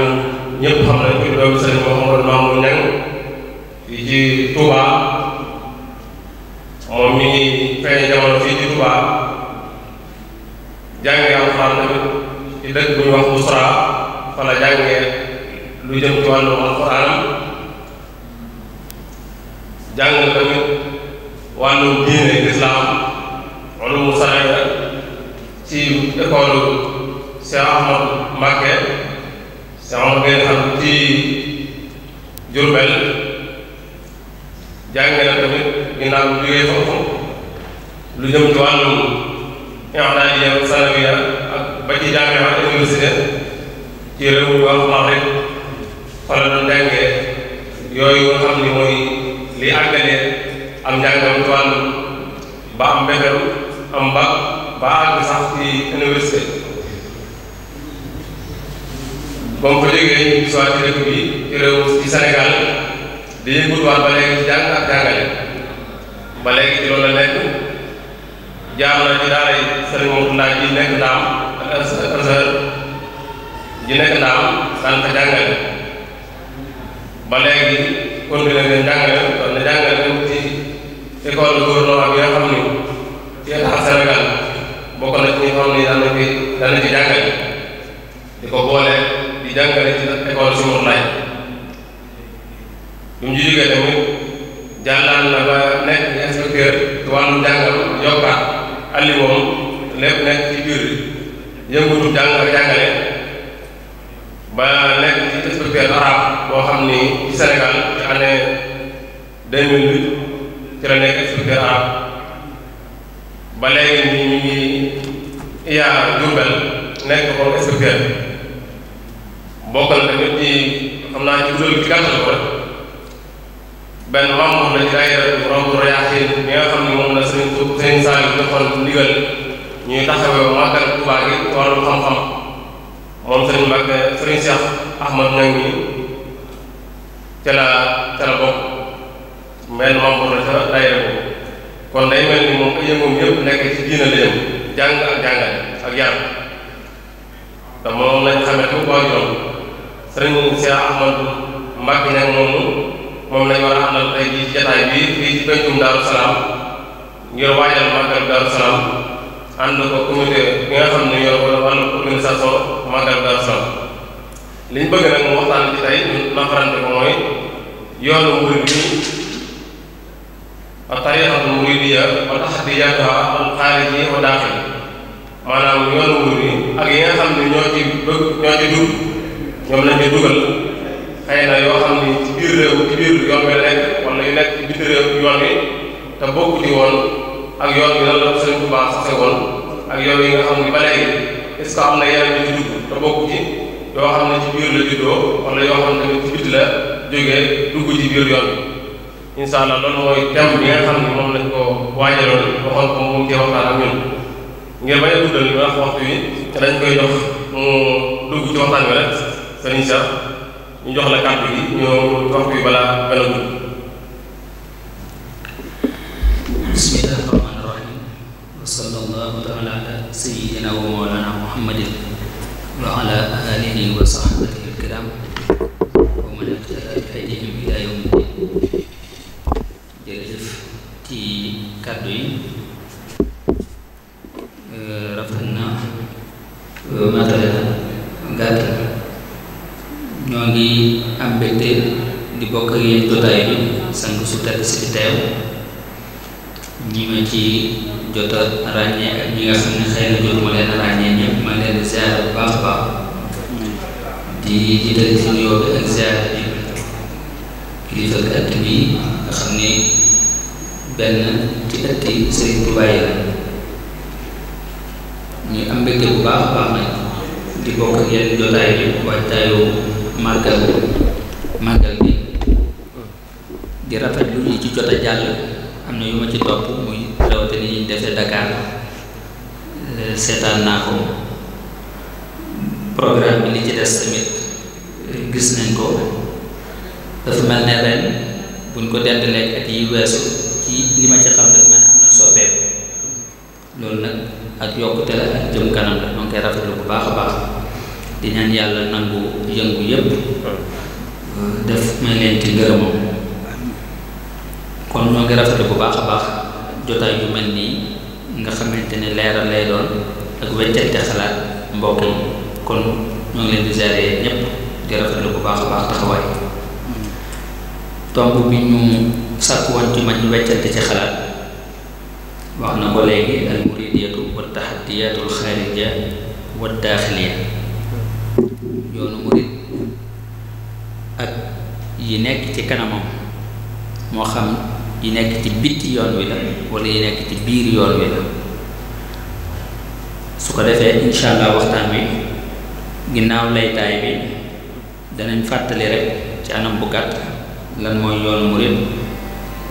moom ñëpp xam nañ ko doomi sëñ Mouhamadou Mamour Niang fii ci Touba moom mi ngi feeñ jamono fii ci Touba jàngee alxuraan tamit bu ñu wax Mousra fa la lu jëm ci wàllu alxuraan jàng tamit wàllu diine lislaam wàllu mu saraaya ci école Cheikh Ahmad Mbacké sama ngay xam ci Jurbel jànge na tamit ginnaaw bu jógee foofu lu jëm ci wàllum i'dadiya sanawiya ak ba ci jànge ak université ci réew mi wax Maroc fa la doon jàngee yooyu nga xam ni mooy li àggale am njàngam ci wàllum ba am BFEM am bac ba àgg sax ci université ba mu ko jógee ñu ngi soit ci dëkk bi ci réew ci Sénégal di yënguwaat ba léegi ba léegi ci jàngale ba léegi continué ngeen jàngale jàngale ci école gouvernement bi nga xam ni ci état Sénégal bokk na ci ñi xam ni daan na fi jàngale di ko boole. di jàngale ci école Soumar Laye bi mu ci jógee tamit jàllaan na ba nekk inspecteur ci wàllu jàngal yokkaat alli moom nekk ci biir yëngutu jàng jàngale ba nekk ci inspecteur arabe boo xam ni ci Sénégal ci année 2008 ci la nekk inspecteur arabe ba léegi nii ñu ngi iyaa Diourbel nekk comme inspecteur bokkal tamit ci xam naa ci kuréel ci gàttal ko rek benn membre la ci daayira Rawdu Rayaahiin bi nga xam ne la sëriñ sëriñ Saliou joxoon ndigal ñuy taxawee màggal la ca la bokk benn kon day mel ni moom yëngoom yëpp nekk ci diina la yëm jàng ak ak yar te moom lañ xamee ko waajuram sëriñ Cheikh Ahmadou Mbacké nag moomu moom lañ war a amal tey jii jataay bi fii ci pencum Daaru Salaam ngir waajal màggal Daaru Salaam ànd ko comité bi nga xam ne yor wala wàllu organisation màggal dia Salaam liñ bëgg nag mu waxtaan ci tey ñu nafarante ko mooy yoonu bi ak muridiyya wa tahdiyatuha al wa yoonu ak yi nga ñoo ci bëgg ñoo ci dugg ñoom lañ koy dugal xëy na yoo xam ni ci biir réew ci biir yoon la nekk wala yu nekk ci yoon wi te bokku ci woon ak yoon bi lan la ko Sëriñ Tuubaa yi nga xam ni ba léegi est-ce que am na yeneen yu ci dugg yoo xam ne ci lañ ko waajaloon waxoon ko ak ñun ngir bañ a dugal ñu wax waxtu wi te koy jox mu dugg ci waxtaan wi rek sëriñ sa ñu jox la kàddu yi ñoo waxtu yi balaa gën a gudd bismillah rahman rahim wa sallallahu taala ala sayyidina wa mawlana muhammadin الدين jërëjëf ci kàddu yi rafet na matale ñoo ngi am mbégte di bokk ak jotaay bi sang su tedd si teew ñi ma ci jot a ràññee ak ñi nga xam ne xëy na jotuma leen ràññee ñëpp ma leen di bu baax baax di jiital ci nuyoo bi ak ziar bi kilifa ëtt bi nga xam ni benn ci ëtt yi Sëriñ Tuubaa la ñu am mbégte bu baax baax nag di bokk ak jotaay bi waajtaayu màggal màggal bi di rafetlu yi ci jot a jàll am na yu ma ci topp muy rawatina yi ñu defee Dakar euh, seetaan naa ko programme bi li ci des tamit euh, gis nañ ko dafa mel ne ren buñ ko dendalee ak yi weesu ci li ma ci xam dafa mel loolu nag ak yokkute la ak jëm kanam la ñoo ngi koy rafetlu bu baax baax. di ñaan yàlla nangu yëngu yépp def may leen ci ngërëmam kon ñoo ngi bu baax a baax jotaay yu mel nii nga xamante ne leeral lay doon ak weccante xalaat mbokk yi kon ñoo ngi leen di ziare ñépp di bu baax a baax taxawaay tomb bi ñu sàkku woon ci ma weccante ci xalaat wax na ko léegi al muridiyatu wa taxadiyatul xaarija wa daaxiliya yoonu murit ak yi nekk ci kanamam moo xam yi nekk ci bitti yoon wi la wala yi nekk ci biir yoon wi la su ko defee incha allah waxtaan wi ginnaaw laytaay bi danañ fàttali rek ci anam bu gàtt lan mooy yoonu murit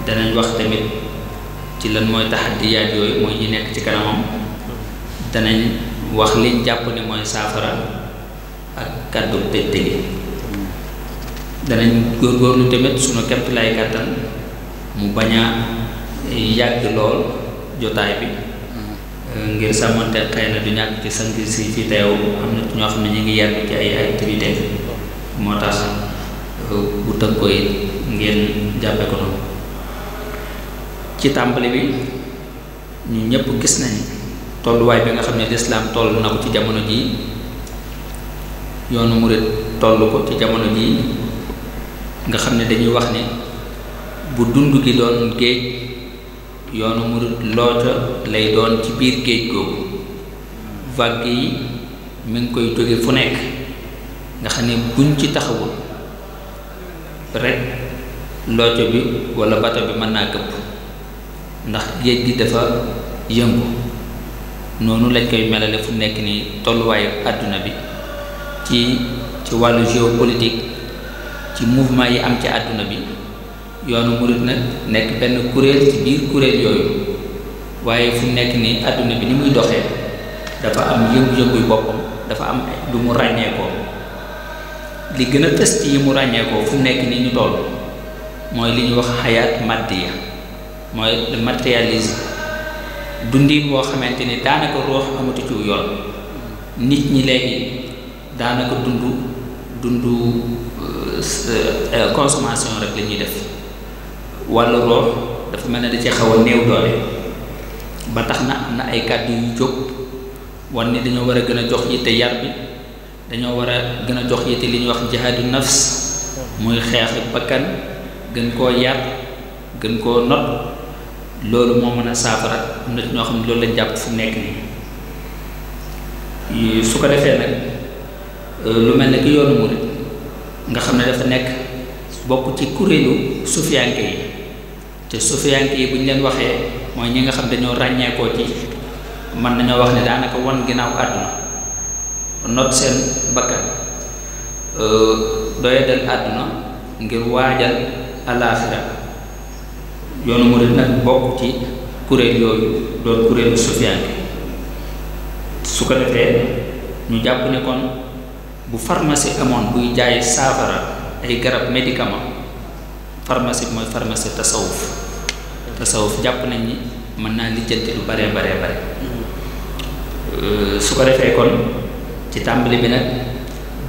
danañ wax tamit ci lan mooy taxaddiyaat yooyu mooy yi nekk ci kanamam danañ wax liñ jàpp ni mooy saafara ak kàddu tëj danañ góorgóorlu tamit sunu kemt lay kàttan mu baña eh, ya a lol jotay bi eh, ngir sàmmante xëy na du ñak ci sang ci ci tew am na ñoo xam ne ngi yàgg ci ay activité moo tax bu tënk ko it ngeen jappé ko non ci tambali bi ñu ñëpp gis nañ way bi nga xamni l'islam tollu nako ci jamono ji yoonu murit toll ko ci jamono jii nga xam ne dañuy wax ni bu dund gi doon géej yoonu murit looco lay doon ci biir géej googu vague yi mi ngi koy jóge fu nekk nga xam ne buñ ci taxawul rek looco bi walla bato bi mën naa këpp ndax géej gi dafa yëngu noonu lañ koy melale fu nekk ni tolluwaayu àdduna bi ci ci wàllu géopolitique ci mouvement yi am ci àdduna bi yoonu murit nag nekk benn kuréel ci biir kuréel yooyu waaye fu nekk ni àdduna bi ni muy doxee dafa am yëngu-yënguy boppam dafa am lu mu ràññeekoo li gën a fës yi mu ràññeekoo fu nekk ni ñu toll mooy li ñuy wax xayaat maddiya mooy le matérialisme woo xamante ni daanaka ruux amatu ci yoon nit ñi léegi daanaka dundu dundu euh, euh, consommation rek la ñuy def wàllu dafa mel ne da ci xaw a néew doole ba tax na am na ay kàddu yu jóg wan dañoo war a gën a jox yitte yar dañoo war a gën a jox yitte li ñuy wax jihaadu nafs muy xeex bakkan gën koo yar gën koo not loolu moo mën a saafara am na ñoo xam ne loolu lañ jàpp fu nekk nii su ko defee nag Euh, lu mel ne ki yoonu murid nga xam ne dafa nekk bokk ci kuréelu sufiyanke yi te sufiyanke yi bu ñu leen waxee mooy ñi nga xam dañoo ràññeekoo ci mën nañoo wax ne daanaka wan ginnaaw àdduna not seen bakkan euh, doyadal àdduna ngir waajal alaaxira yoonu murid nag bokk ci kuréel yooyu doon kuréelu sufiyanke su ko defee ñu jàpp ne bu pharmacie amone buy jaay safara ay garab médicament pharmacie moy pharmacie tasawuf tasawuf japp nañ ni mën naa lijjanti lu bare bare euh, bare su ko defé kon ci tambali bi nak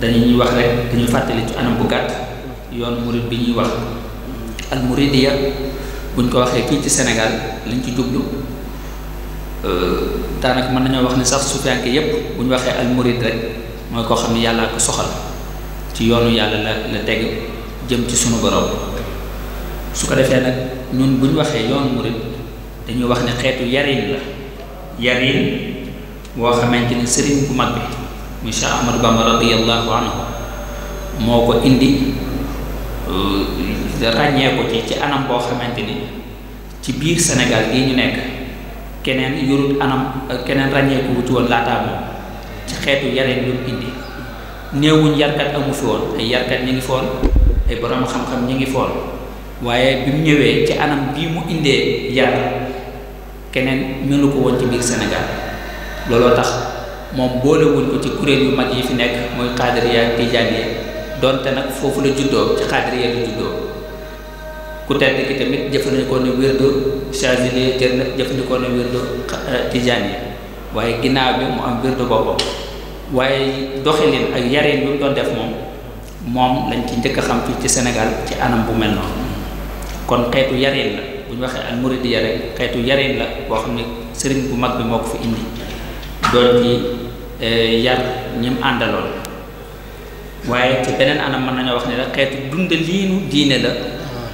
dañuy wax rek dañu fatali ci anam bu gatt yoon murid bi ñuy wax al muridiya buñ ko waxé fii ci Sénégal liñ ci euh daanaka man nañu wax ni sax sufiyanke yépp buñ waxé al murid rek mooy koo xam ne yàllaa ko soxal ci yoonu yàlla la la teg jëm ci sunu borom su ko defee nag ñun buñ ñu waxee yoonu murid dañuy wax ne xeetu yarin la yarin woo xamante ne sëriñ bu mag bi muy Cheikh Ahmadou Bamba radiyallahu anhu moo ko indi euh, ràññee ko ci ci anam boo xamante ni ci biir senegal gii ñu nekk keneen yorut anam keneen ràññeeku wuti woon laataa moom ci xeetu yareen yu indi néewuñ yarkat amu fi woon ay yarkat ñu ngi foon ay borom xam-xam ñu ngi foon waaye bi mu ñëwee ci anam bii mu indee yar keneen mënu ko woon ci biir Sénégal looloo tax moom boolewuñ ko ci kuréel yu mag yi fi nekk mooy xaadiriya ak tijaaniya donte nag foofu la juddoo ci xaadiriya la juddoo ku tedd ki tamit jëfandikoo ne wirdu chaazili jër nag jëfandikoo ne wirdu tijaaniya waaye ginnaaw bi mu am wirdu boppam waaye doxalin ak yarin yu doon def moom moom lañ ci njëkk a xam fii ci senegal ci anam bu mel noonu kon xeetu yarin la bu ñu xeetu yarin la boo xam ne sëriñ bu mag bi moo indi doon ci eh, yar àndaloon waaye ci beneen anam mën nañoo wax ne la xeetu dundaliinu diine la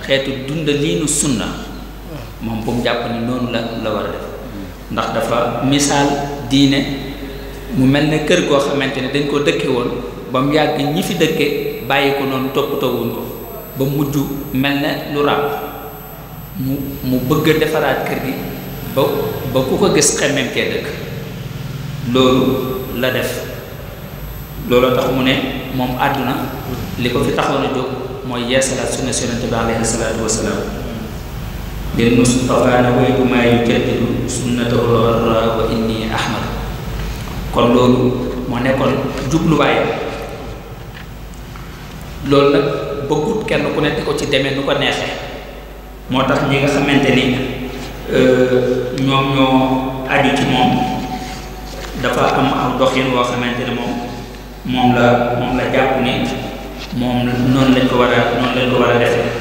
xeetu dundaliinu sunna hmm. moom bu jàpp ni noonu la war a def ndax dafa misal diine mu mel ne kër goo xamante ne dañ ko dëkke woon ba mu yàgg ñi fi dëkke bàyyi ko noonu toppatoo wuñ ko ba mujj mel ne lu ràbb mu mu bëgg a defaraat kër gi ba ba ku ko gis xemmem kee dëkk loolu la def looloo tax mu ne moom àdduna li ko fi taxoon a jóg mooy yeesalaat sunna yonente bi alayhi salaatu wasalaam lil Mustafaa nawaytu maa yujaddidu sunnatahu wa inni ahmad kon loolu moo nekkoon jubluwaay loolu nag bëggut kenn ku nekk ko ci demee nu ko neexee moo tax ñi nga xamante ni euh, ñoom ñoo aju ci moom dafa am aw doxin woo xamante ni moom moom la moom la jàpp ni moom noonu lañ ko war a noonu lañ ko war a defee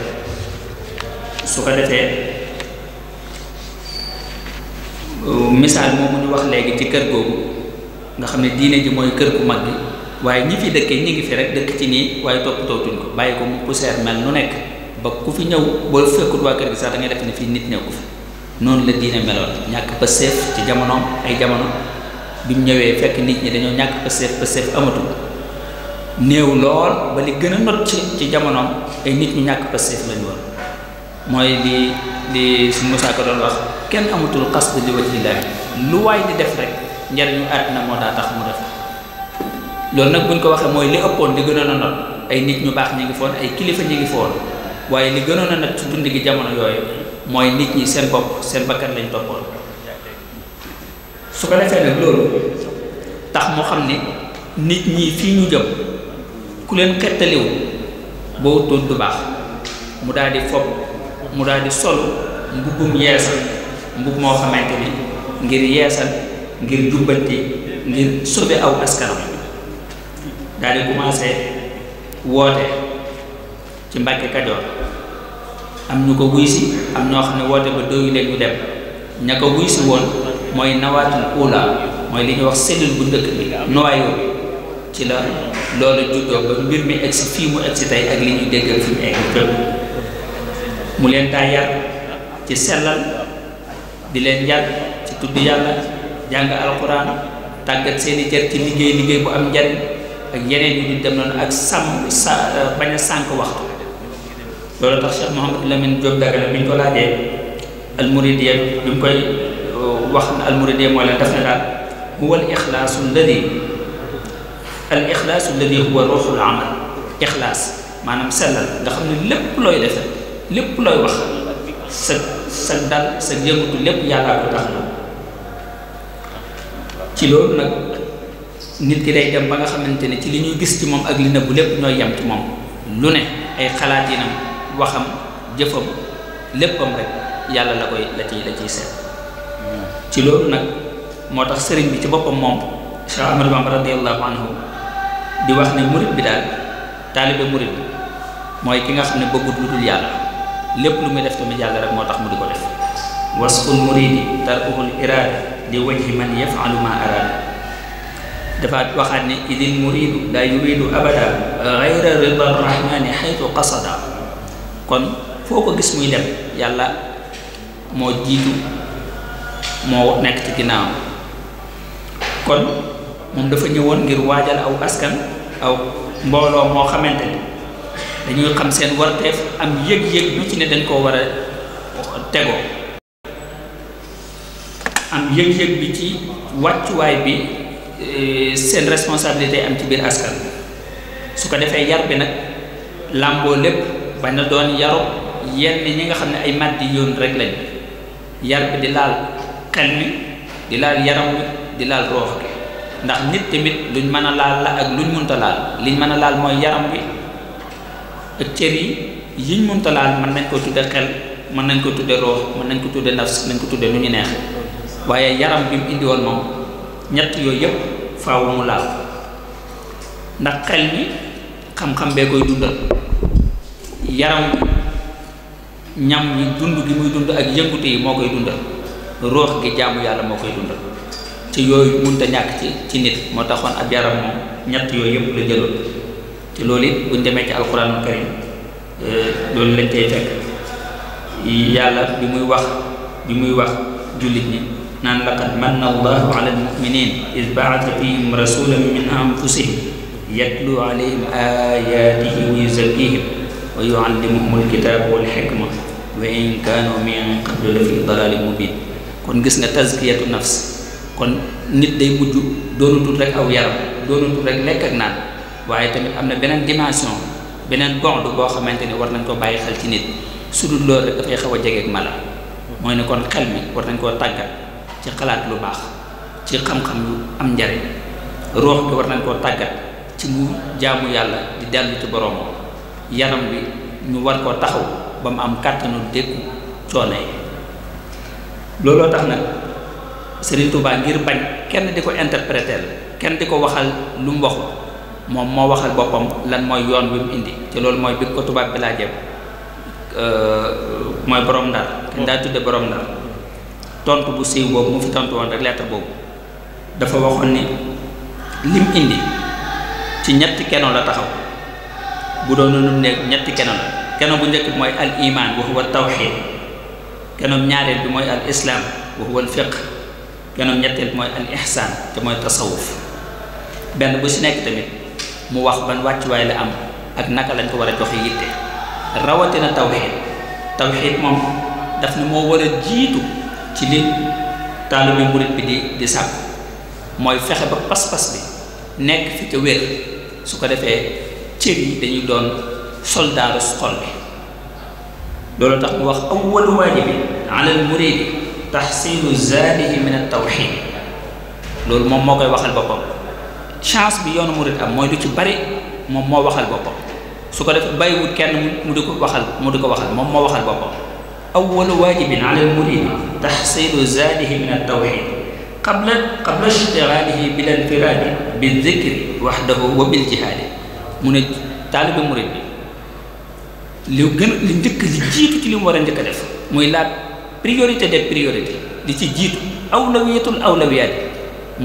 su ko defee misaal moom mu ñu wax léegi ci kër googu nga xam ne diine ji mooy kër gu mag gi waaye ñi fi dëkkee ñi ngi fi rek dëkk ci nii waaye toppatootuñ ko bàyyi ko mu poussière mel nu nekk ba ku fi ñëw boo fekkut waa kër gi sax da def ne fii nit ñëw ko fi noonu la diine meloon ñàkk pëseef ci jamonoom ay jamono bi ñëwee fekk nit ñi dañoo ñàkk pëseef pëseef amatul néew lool ba li gën a not ci ci jamonoom ay nit ñu ñàkk pëseef lañu woon mooy li lii su Musaa ko doon wax kenn amatul xasd li wajhillaahi lu waay di def rek njariñu àddina moo daa tax mu def loolu nag buñ ko waxee mooy li ëppoon li gënoon a not ay nit ñu baax ñu ngi foon ay kilifa ñu ngi foon waaye li gënoon na not ci dund gi jamono yooyu mooy nit ñi seen bopp seen bakkan lañ toppoon su ko defee nag loolu tax moo xam ne nit ñi fii ñu jëm ku leen xettaliwu boo wutoon du baax mu daal di mu daal di solu mbubbum yeesal mbubb moo xamante ni ngir yeesal ngir jubbanti ngir sobe aw askanam daal di commencé woote ci Mbàkke Kajoor am ñu ko wuy si am noo xam ne woote ba dooyu leen ñu dem ña ko wuy si woon mooy nawaatul ula mooy li ñuy wax cellule bu njëkk bi noyau ci la loolu juddoo ba mbir mi egsi fii mu egsi tey ak li ñuy dégg ak mu egg mu leen kaa ci selal di len yar ci tuddi yalla jang alquran tagat seeni cër ci liggéey liggéey bu am njariñ ak yeneen yu dem non ak sam sa eh, bañ a sànk waxtu loolu tax Cheikh mohammed lamin job dagal bi ko laajee almuridiyya bi bu eh, koy wax al almuridiyya mo len def dal huwa al ikhlas alladhi al ikhlas alladhi huwa ruhul amal ikhlas manam selal nga xamni lepp loy ya, defal lépp looy wax sa sa dal sa yëngatu lépp yàllaa ko tax na ci loolu nag nit ki day dem ba nga xamante ne ci li ñuy gis ci moom ak li nëbbu lépp ñooy yem ci moom lu ne ay xalaat yi xalaatinam waxam jëfam léppam rek yàlla la koy la ciy la ciy ci loolu nag moo tax sëriñ bi ci boppam moom Cheikh Ahmadou Bamba radiyallahu anhu di wax ne murit bi daal taalibe murit mooy ki nga xam ne bëggut lu yàlla lépp lu muy def tamit yàlla rek moo tax mu di ko def wasful muridi tarkuhul iraada li wajhi man yafalu ma araada dafa waxaat ne idil muridu la yuridu abada gayra rida rahmani xaytu qasada kon foo ko gis muy dem yàlla moo jiitu moo nekk ci ginnaaw kon moom dafa ñëwoon ngir waajal aw askan aw mbooloo moo xamante ni dañuy xam seen warteef am yëg-yëg bu ci ne dañ koo war a tegoo am yëg bi ci wàccuwaay bi eh, seen responsabilité am ci biir askan su ko defee yar bi nag làmboo lépp ba na doon yaru yenn ñi nga xam ne ay màddi yoon rek lañ yar bi di laal xel mi di laal yaram mi di laal roof bi ndax nit tamit luñ mën a laal la ak luñ mënta laal liñ mën a laal mooy yaram bi ak cër yi yiñ mënta laal mën nañ koo tudde xel mën nañ ko tudde roox mën nañ ko tudde nafs nañ ko tudde lu ñu neex waaye yaram bi mu indi moom ñett yooyu yépp faaw mu ndax xel mi xam-xam koy dundal yaram gi muy dund ak yëngute moo koy dundal roox gi jaamu yàlla moo koy dunda ci yooyu mënta ñàkk ci ci nit moo taxoon ab yaram moom ñett yooyu yépp la jëloon ci loolu it buñ demee ci alxuraanul karim euh, loolu lañ tey fekk yàlla bi muy wax bi muy wax jullit ñi naan laqad manna allahu ala almuminin id baata fihim rasulan min anfusihim yatlu alayhim ayatihi wa yuzakkihim wa yuallimuhum alkitaba wal hikma wa in kaanu min qablu la fi dalalin mubin kon gis nga tazkiyatu nafs kon nit day mujj doonatul rek aw yaram doonatul rek lekk ak naan waaye tamit am na beneen dimension beneen bordu boo xamante ni war nañ ko bàyyi xel ci nit su dul loolu rek dafay xaw a jegeeg mala mooy ne kon xel mi war nañ koo tàggat ci xalaat lu baax ci xam yu am njariñ roox bi war nañ koo tàggat ci mu jaamu yàlla di dellu ci boroomam yaram wi ñu war koo taxaw ba mu am kàttanu dékku coono yi looloo tax nag Serigne Touba ngir bañ kenn di ko interpréter kenn di ko waxal lu mu moom moo waxal boppam lan mooy yoon wi mu indi te loolu mooy bi ko tubaab bi laajee euh, mooy borom ndar kenn daa tudde borom ndar tontu bu siiw boobu mu fi tontu woon rek lettre boobu dafa waxoon ni lim indi ci ñetti keno la taxaw bu doon nu nekk ñetti keno la bu njëkk mooy al iman wa huwa tawxid kenoom ñaareel bi mooy al islaam wa huwa al fiq kenoom ñetteel bi mooy al ihsaan mooy tasawuf benn bu si nekk tamit mu wax ban wàccuwaay la am ak naka lañ ko war a joxe yitte rawatina tawxiid tawxiid moom daf ne moo war a jiitu ci li taalibe murit bi di di sàkk mooy fexe ba pas-pas bi nekk fi ca wér su ko defee cër yi dañuy doon soldaaru xol bi loolu tax mu wax awwalu waajibi ala al muridi taxsiinu zaadihi min at tawxiid loolu moom moo koy waxal boppam chance bi yoonu mourid am moy lu ci bari mom mo waxal boppam su ko def bàyyiwut kenn mu diko waxal mu diko waxal mom mo waxal boppam awwal wajibin ala al murid tahsil zaadihi min al tawhid qabla at-tawxiid bil قبل اشتغاله بالانفراد بالذكر وحده وبالجهاد من طالب المريد لو gën li njëkk li jiitu ci li mu war a njëkk a def moy la priorité des priorités di ci jitu awlawiyatul awlawiyat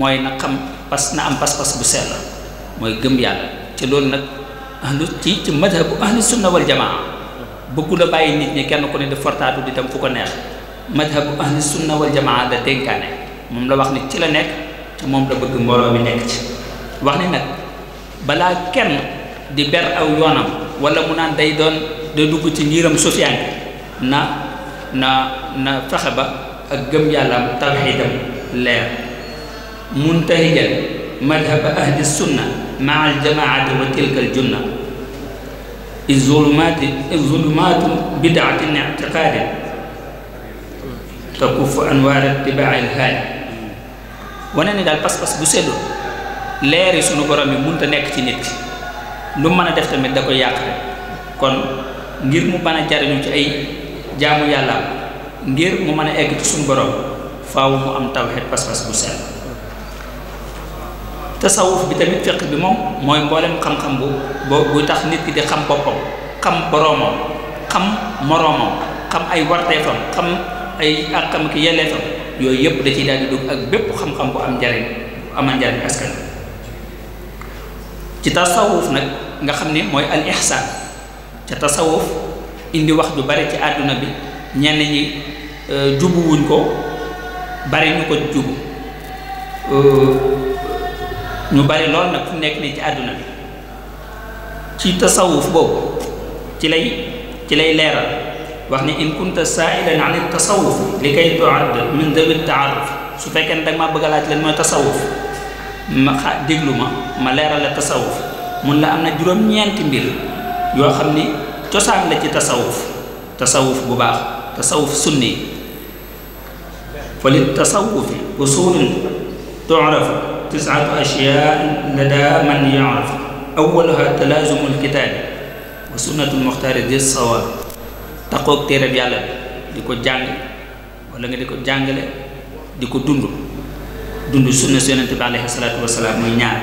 moy na xam pas na am pas-pas bu sell mooy gëm yàlla ci loolu nag ahlu ci ci bu ahlu sunna wal jamaa bëggu la bàyyi nit ñi kenn ku ne di fortaatu di dem fu ko neex madhabu ahlu sunna wal jamaa la dénkaane moom la wax ni ci la nekk ci moom la bëgg mbooloo mi nekk ci wax ni nag balaa kenn di ber aw yoonam wala mu naan day doon day dugg ci niiram sufiyaanke na na na fexe ba ak gëm yàlla tawxiidam leer منتهيا مذهب اهل السنه مع الجماعه وتلك الجنه الظلمات الظلمات بدعه اعتقاد تكف انوار اتباع الهال وانا قال بس بس بسلو ليري سونو بروم مونتا نيك تي نيت لو مانا ديف تامت داكو ياخر كون غير مو بانا جارنو تي اي جامو يالا غير مو مانا ايك تي سونو بروم فاو مو ام توحيد بس بس بسلو tasawuf bi tamit fiq bi moom mooy mboolem xam-xam bu bu tax nit ki di xam boppam xam boroomam xam moroomam xam ay warteefam xam ay àqam ki yelleefam yooyu yëpp da ciy daal di dugg ak bépp xam-xam bu am njariñ bu amal njariñ na ci tasawuf nag nga xam ni mooy al ihsaan ca tasawuf indi wax ju bari ci àdduna bi ñenn ñi euh, jubuwuñ ko bari ñu ko jubu euh, ñu bari lool nak fu nekk ni ci aduna bi ci tasawuf boobu ci lay ci lay leral wax ni in kunta sa'ilan an at tasawuf likay kay tuadd min at taaruf su fekkene dag ma bëgg laaj lan moy tasawuf ma xa déglu ma leral la tasawuf mun la amna juroom ñent mbir yo xamni ni la ci tasawuf tasawuf bu baax tasawuf sunni fa li tasawufi usulun tuarafu tisatu ashyaa lada man yaaraf awaluha talaasumu alkitaabi wa sunnatul muxtaari di sawaab taqoog téereb yàlla bi di ko jàng wala nga di ko jàngale di ko dund dund sunna su yonente bi alayhi salaatu wasalaam muy ñaar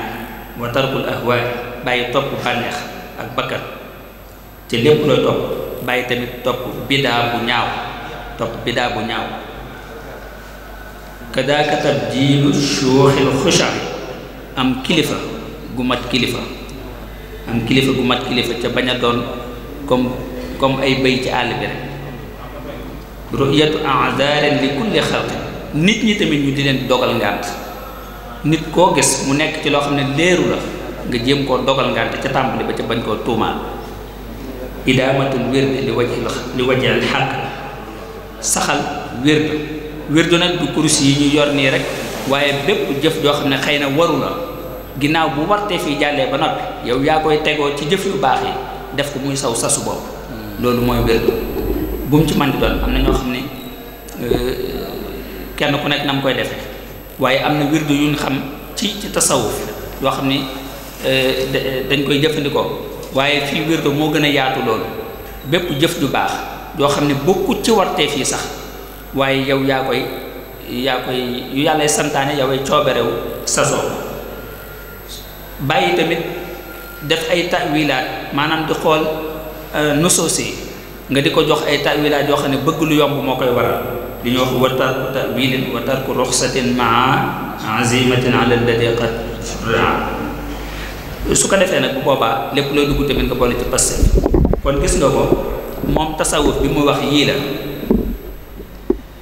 wa tarkul ahwaa bàyyi topp bànneex ak bakkan ci lépp looy topp bàyyi tamit topp bidaa bu ñaaw topp bidaa bu ñaaw kadaaka tabjiilu shuuxil xusha am kilifa gumat kilifa am kilifa gumat kilifa ca bañ a kom kom comme ay béy ci àll bi rek ruyatu aadaarin li kulli xalqin nit ñi tamit ñu di leen dogal ngànt nit koo gis mu nekk ci loo xam ne léeru la nga jéem koo dogal ngànt ca ba ca bañ koo tuumaal idaamatul wérde li wajhil li saxal wirdu nag du kurus yi ñu yor nii rek waaye bépp jëf joo xam ne xëy na waru la ginnaaw bu wartee fii jàllee ba noppi yow yaa koy tegoo ci jëf yu baax yi def ko muy saw sasu bopp loolu mooy wirdu bu mu ci man di doon am na ñoo xam ne kenn ku nekk na mu koy defee waaye am na wirdu yu ñu xam ci ci tasawuf yoo xam ni dañ koy jëfandikoo waaye fii wirdu moo gën a yaatu loolu bépp jëf ju baax yoo xam ne bokkut ci wartee fii sax waaye yow yaa koy yaa koy yu yàlla santaane yow ay coobarewu sasoo bàyyi tamit def ay tawilaat maanaam di xool euh, nusuus nga di ko jox ay tawilaat yoo xam ne bëgg lu yomb moo koy waral li ñuy wax wa tarku tawilin wa tarku ruxsatin maa azimatin ala alladi qad su ko defee nag bu boobaa lépp loo dugg tamit nga boole ci passé kon gis nga ko moom tasawuf bi mu wax yii la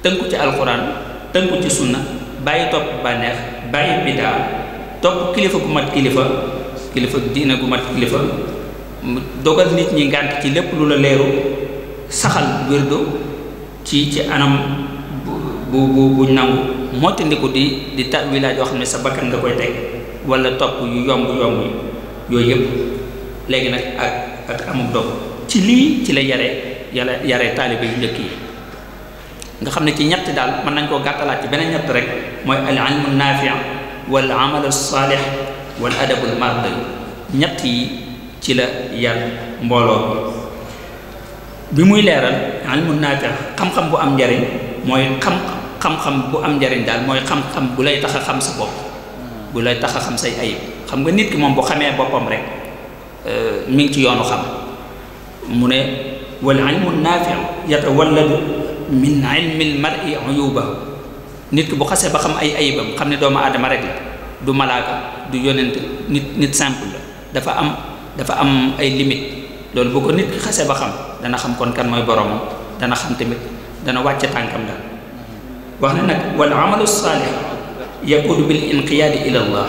tënku ci alxuraan tënku ci sunna bàyyi topp bànneex bàyyi bidaa topp kilifa gu mat kilifa kilifa diina gu mat kilifa dogal nit ñi ngànt ci lépp lu la leeru saxal wirdo ci ci anam bu bu bu nangu mottandiku di di tawilaaj yoo xam ne sa bakkan nga koy teg wala topp yu yomb yomb yi yooyu yëpp léegi nag ak ak amuk dog ci lii ci la yare yàlla yare taalibe yu njëkk yi nga xamne ci ñett dal man nañ ko gàttalaat ci benen ñett rek moy al ilmu nafi' wal amalu salih wal adab al mardi ñett yi ci la yal mbolo bi muy leeral ilmu nafi' xam-xam bu am jariñ moy xam xam-xam bu am jariñ dal moy xam-xam bu lay taxa xam sa bop bu lay taxa xam say ayib xam nga nit ki mom bu xame bopam rek euh mi ngi ci yoonu xam mu ne wal ilmu nafi' yatawalladu min ilmil mar'i uyubahu nit bu xasse ba xam ay ayibam xamne ne doomu aadama rek la du malaka du yonent nit nit simple dafa am dafa am ay limit. Do bu ko nit ki Dan ba xam dana xam kon kan moy Dan dana xam tamit dana wacc tankam la waxna nak wal amalu salih yakudu bil inqiyad ila allah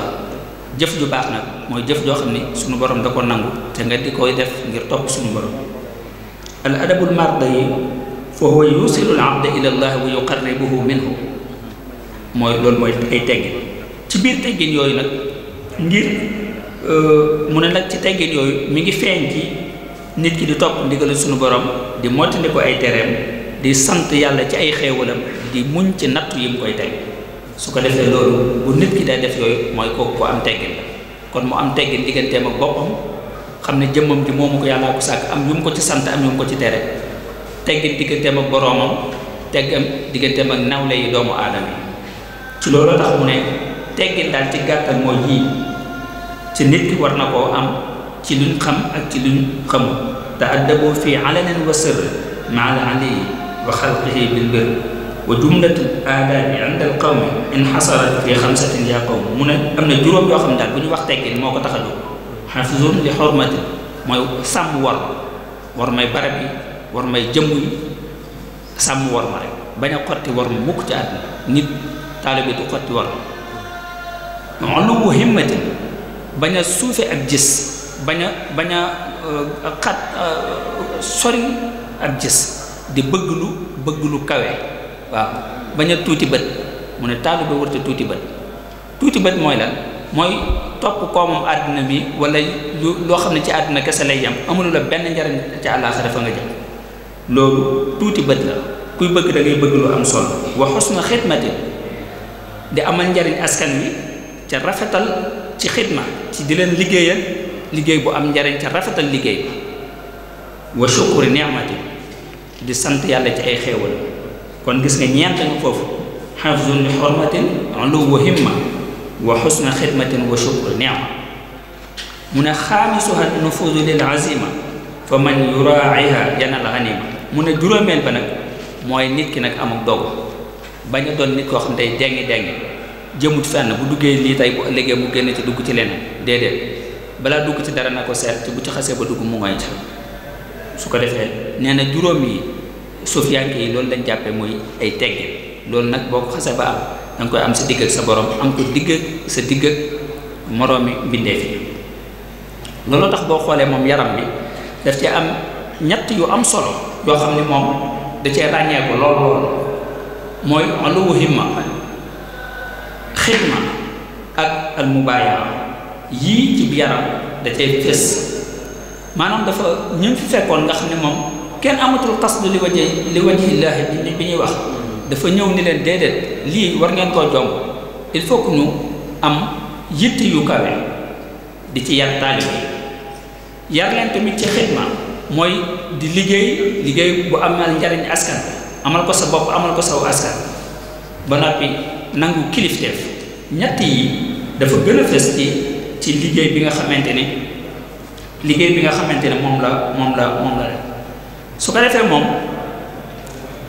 jef ju bax nak moy jef jo xamni sunu borom da ko nangu te nga di koy def ngir top sunu borom al adabul fa huwa yusilu l abda ila llah wa yuqarribuhu minhu mooy loolu mooy ay teggin ci biir teggin yooyu nag ngir euh, mu ne nag ci teggin yooyu mi ngi feeñ ji nit ki di topp ndigal suñu borom di mottandi ko ay tereem di sant yàlla ci ay xéewalam di muñ ci natt yi mu koy teg su ko defee loolu bu nit ki day def yooyu mooy kooku ko am teggin la kon mu am teggin digganteem ak boppam xam ne jëmmam ji moomu ko yàllaa ko sàkk am yu mu ko ci sant am ko ci tere teggin digganteem ak boroomam teggam digganteem ak nawle yi doomu aadama yi ci loolu tax mu ne teggin daal ci gàttal mooy yii ci nit ki war na koo am ci luñ xam ak ci luñ xamul te addaboo fii alanan wa sër maa la aliyi wa xalqihi bil bir wa jumlatu aadaabi inda al qawmi inxasarat fi xamsatin yaa qawm mu ne am na juróom yoo xam daal bu ñu wax teggin moo ko tax a jóg xafizun li xormati mooy sàmm war war may barab yi war may jëmm yi sàmm war ma rek bañ a xotti war ma mukk ci àdduna nit taalibe du xotti war ma uluwu himmatin bañ a suufe ak gis bañ a bañ euh, euh, di bëgg lu bëgg lu kawe waaw bañ tuuti bët mu ne taalibe warta tuuti bët tuuti bët mooy lan mooy topp koomam àdduna bi wala lu loo xam ne ci àdduna kese lay yem amul la benn njariñ ci àllaaxira fa nga jëm loolu tuuti bët la kuy bëgg da ngay bëgg lu am solo wa xusna xidmatin di amal njariñ askan wi ca rafetal ci xidma ci di leen liggéeyal liggéey bu am njariñ ca rafetal liggéey bi wa shukri ni'mati di sant yàlla ci ay xéewal kon gis nga ñeent nga foofu xafzun li xormatin ulu wa himma wa xusna mu ne xaamisuha nufuudu lil azima mu ne juróomeel ba nag mooy nit ki nag amul dogu bañ a doon nit koo xam tey dengi dengi jëmut fenn bu duggee lii tey bu ëllëgee mu génn ci dugg ci leneen déedéet balaa dugg ci dara na ko seet bu ci xasee ba dugg mu moy ca su ko defee nee na juróom yi suufiyanke yi loolu dañ jàppee mooy ay teggin loolu nag boo ko xasee ba am danga koy am sa digg ak sa borom am ko digg sa digg ak moroomi mbindeef yi looloo tax boo xoolee moom yaram bi daf ci am ñett yu am solo yoo xam ne moom da cee ràññeeku lool lool mooy aluwu himma xidma ak al yii ci biiram da cee fés maanaam dafa ñu fi fekkoon ndax ne moom kenn amatul qasd li wajhi li wajhi llaahi bi ñuy wax dafa ñëw ni leen déedéet lii war ngeen koo jomb il faut que ñu am yitte yu kawe di ci yar taalibe yar leen tamit ci xidma mooy di liggéey liggéey bu amal njariñ askan amal ko sa bopp amal ko saw askan ba noppi nangu kilifteef ñett yi dafa gën a fës ci liggéey bi nga xamante ne liggéey bi nga xamante ne moom la moom la moom la rek su ko defee moom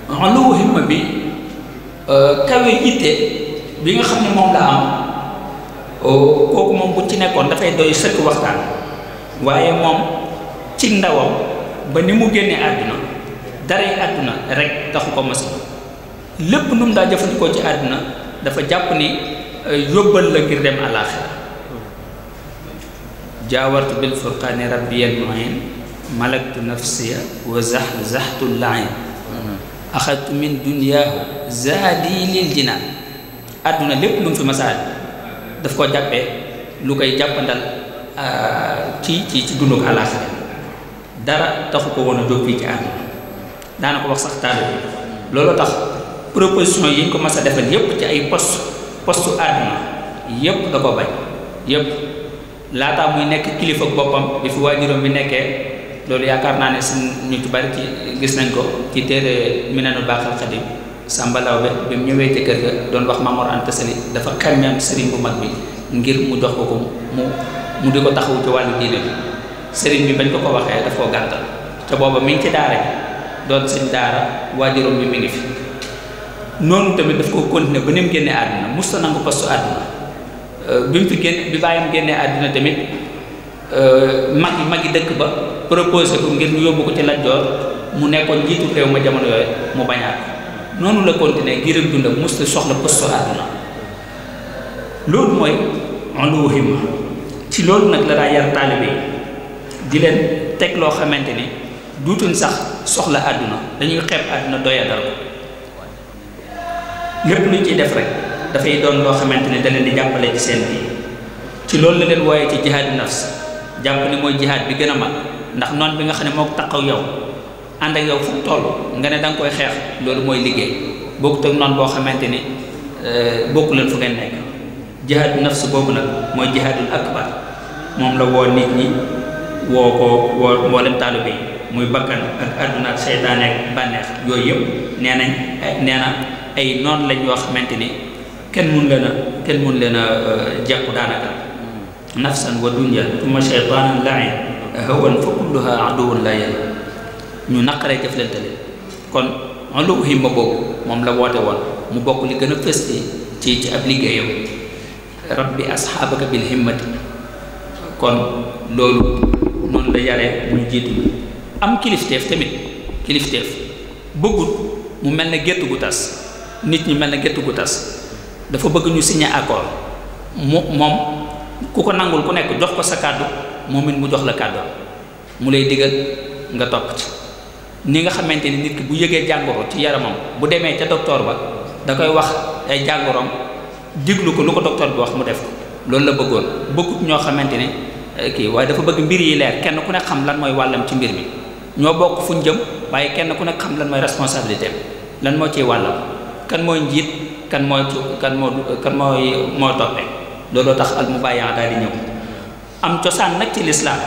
aluwu himma bi euh, kawe itte bi nga xam ne moom la am euh, kooku moom bu ci nekkoon dafay doy sëkk waxtaan waaye moom ci ndawam ba ni mu génnee àdduna dara àdduna rek taxu ko mas lépp nu mu daa jëfandikoo ci àdduna dafa jàpp ni euh, yóbbal la ngir dem àllaaxira jaawartu bil furqaani rabbiyal muin malaktu nafsiya wa zahzahtu lain axadtu min duniyaahu zaadi lil àdduna lépp lu mu fi masaal daf ko jàppee lu koy jàppandal euh, ci ci ci dunduk àllaaxira dara taxu ko wona do jóg ci am danako wax sax tàll lolo tax proposition yi ko massa defal yep ci ay poste poste arme yep da ko bañ yep lata muy nek kilifa bopam bi fi wajuro mi nekke loolu yakar naa ne suñ ñu ci bari ci gis nañ ko ci téere minanu baaxal khadim Samba bi mu ci kër ga doon wax Mamour Anta dafa serigne bu mag bi ngir mu dox ko ko mu mu diko ko taxaw ci walu diine sëriñ bi bañ ko ko waxee daf koo gàntal te booba mi ngi ci daara ji doon sëñ daara waajuram bi mi ngi fi noonu tamit daf ko continuer ba ni mu génnee àdduna musta nangu postu àdduna euh, bi mu fi génn bi bàyyam génnee àdduna tamit euh, mag yi mag yi ba proposé ko ngir ñu yóbbu ci Lat Joor mu nekkoon njiitu réew ma jamono yooyu mu bañaat noonu la continuer ngir dundam musta soxla postu àdduna loolu mooy on lu waxi ma ci loolu nag la daa yar taalibe di leen teg loo xamante ni duutuñ sax soxla àdduna dañuy xeeb àdduna doyadal ko lépp luñ ciy def rek dafay doon loo xamante ni da leen di jàppale ci seen biir ci loolu la leen wooyee ci jihaadu nafs jàpp ne mooy jihaad bi gën a mag ndax noon bi nga xam ne moo taxaw yow ànd ak yow fu mu nga ne da koy xeex loolu mooy liggéey bokkut ak noon boo xamante ne euh, bokku leen fu ngeen nekk jihaadu nafs boobu nag mooy jihaadul akbar moom la woo nit ñi woko ko talibé muy bakkan ak aduna ak ak banex yoy yëpp nee nena ay non lañ wax xamanteni ken kenn mun leen ken kenn mun leen a jekku nafsan wa dunya tuma shaytanan lain hawan fa kulluha aduwun la yàlla ñu naqaree jëflante leen kon olu ma bok mom la wote won mu bok li gëna a ci ci ab liggéeyam rabbi ashabaka bil himmati kon loolu noonu la yaree bul jiitu am kilifteef tamit kilifteef bëggut mu mel ne gétt gu tas nit ñi mel ne gétt gu tas dafa bëgg ñu siñe accord mu moom ku ko nangul ku nekk jox ko sa kàddu moom it mu jox la kàddu mu lay digal nga topp ni nga xamante ni nit ki bu yëgee jàngoro ci yaramam bu demee ca docteur ba da koy wax ay jàngoroom diglu ko lu ko docteur bi wax mu def loolu la bëggoon bëggut ñoo xamante ni Eh, kii waaye dafa bëgg mbir yi leer kenn ku nekk xam lan mooy wàllam ci mbir mi ñoo bokk fu ñu jëm waaye kenn ku nekk xam lan mooy responsabilité lan moo ciy wàllam kan mooy njiit kan mooy kan moo kan mooy moo toppe looloo tax al mubaayaan daal di ñëw am cosaan nag ci lislaam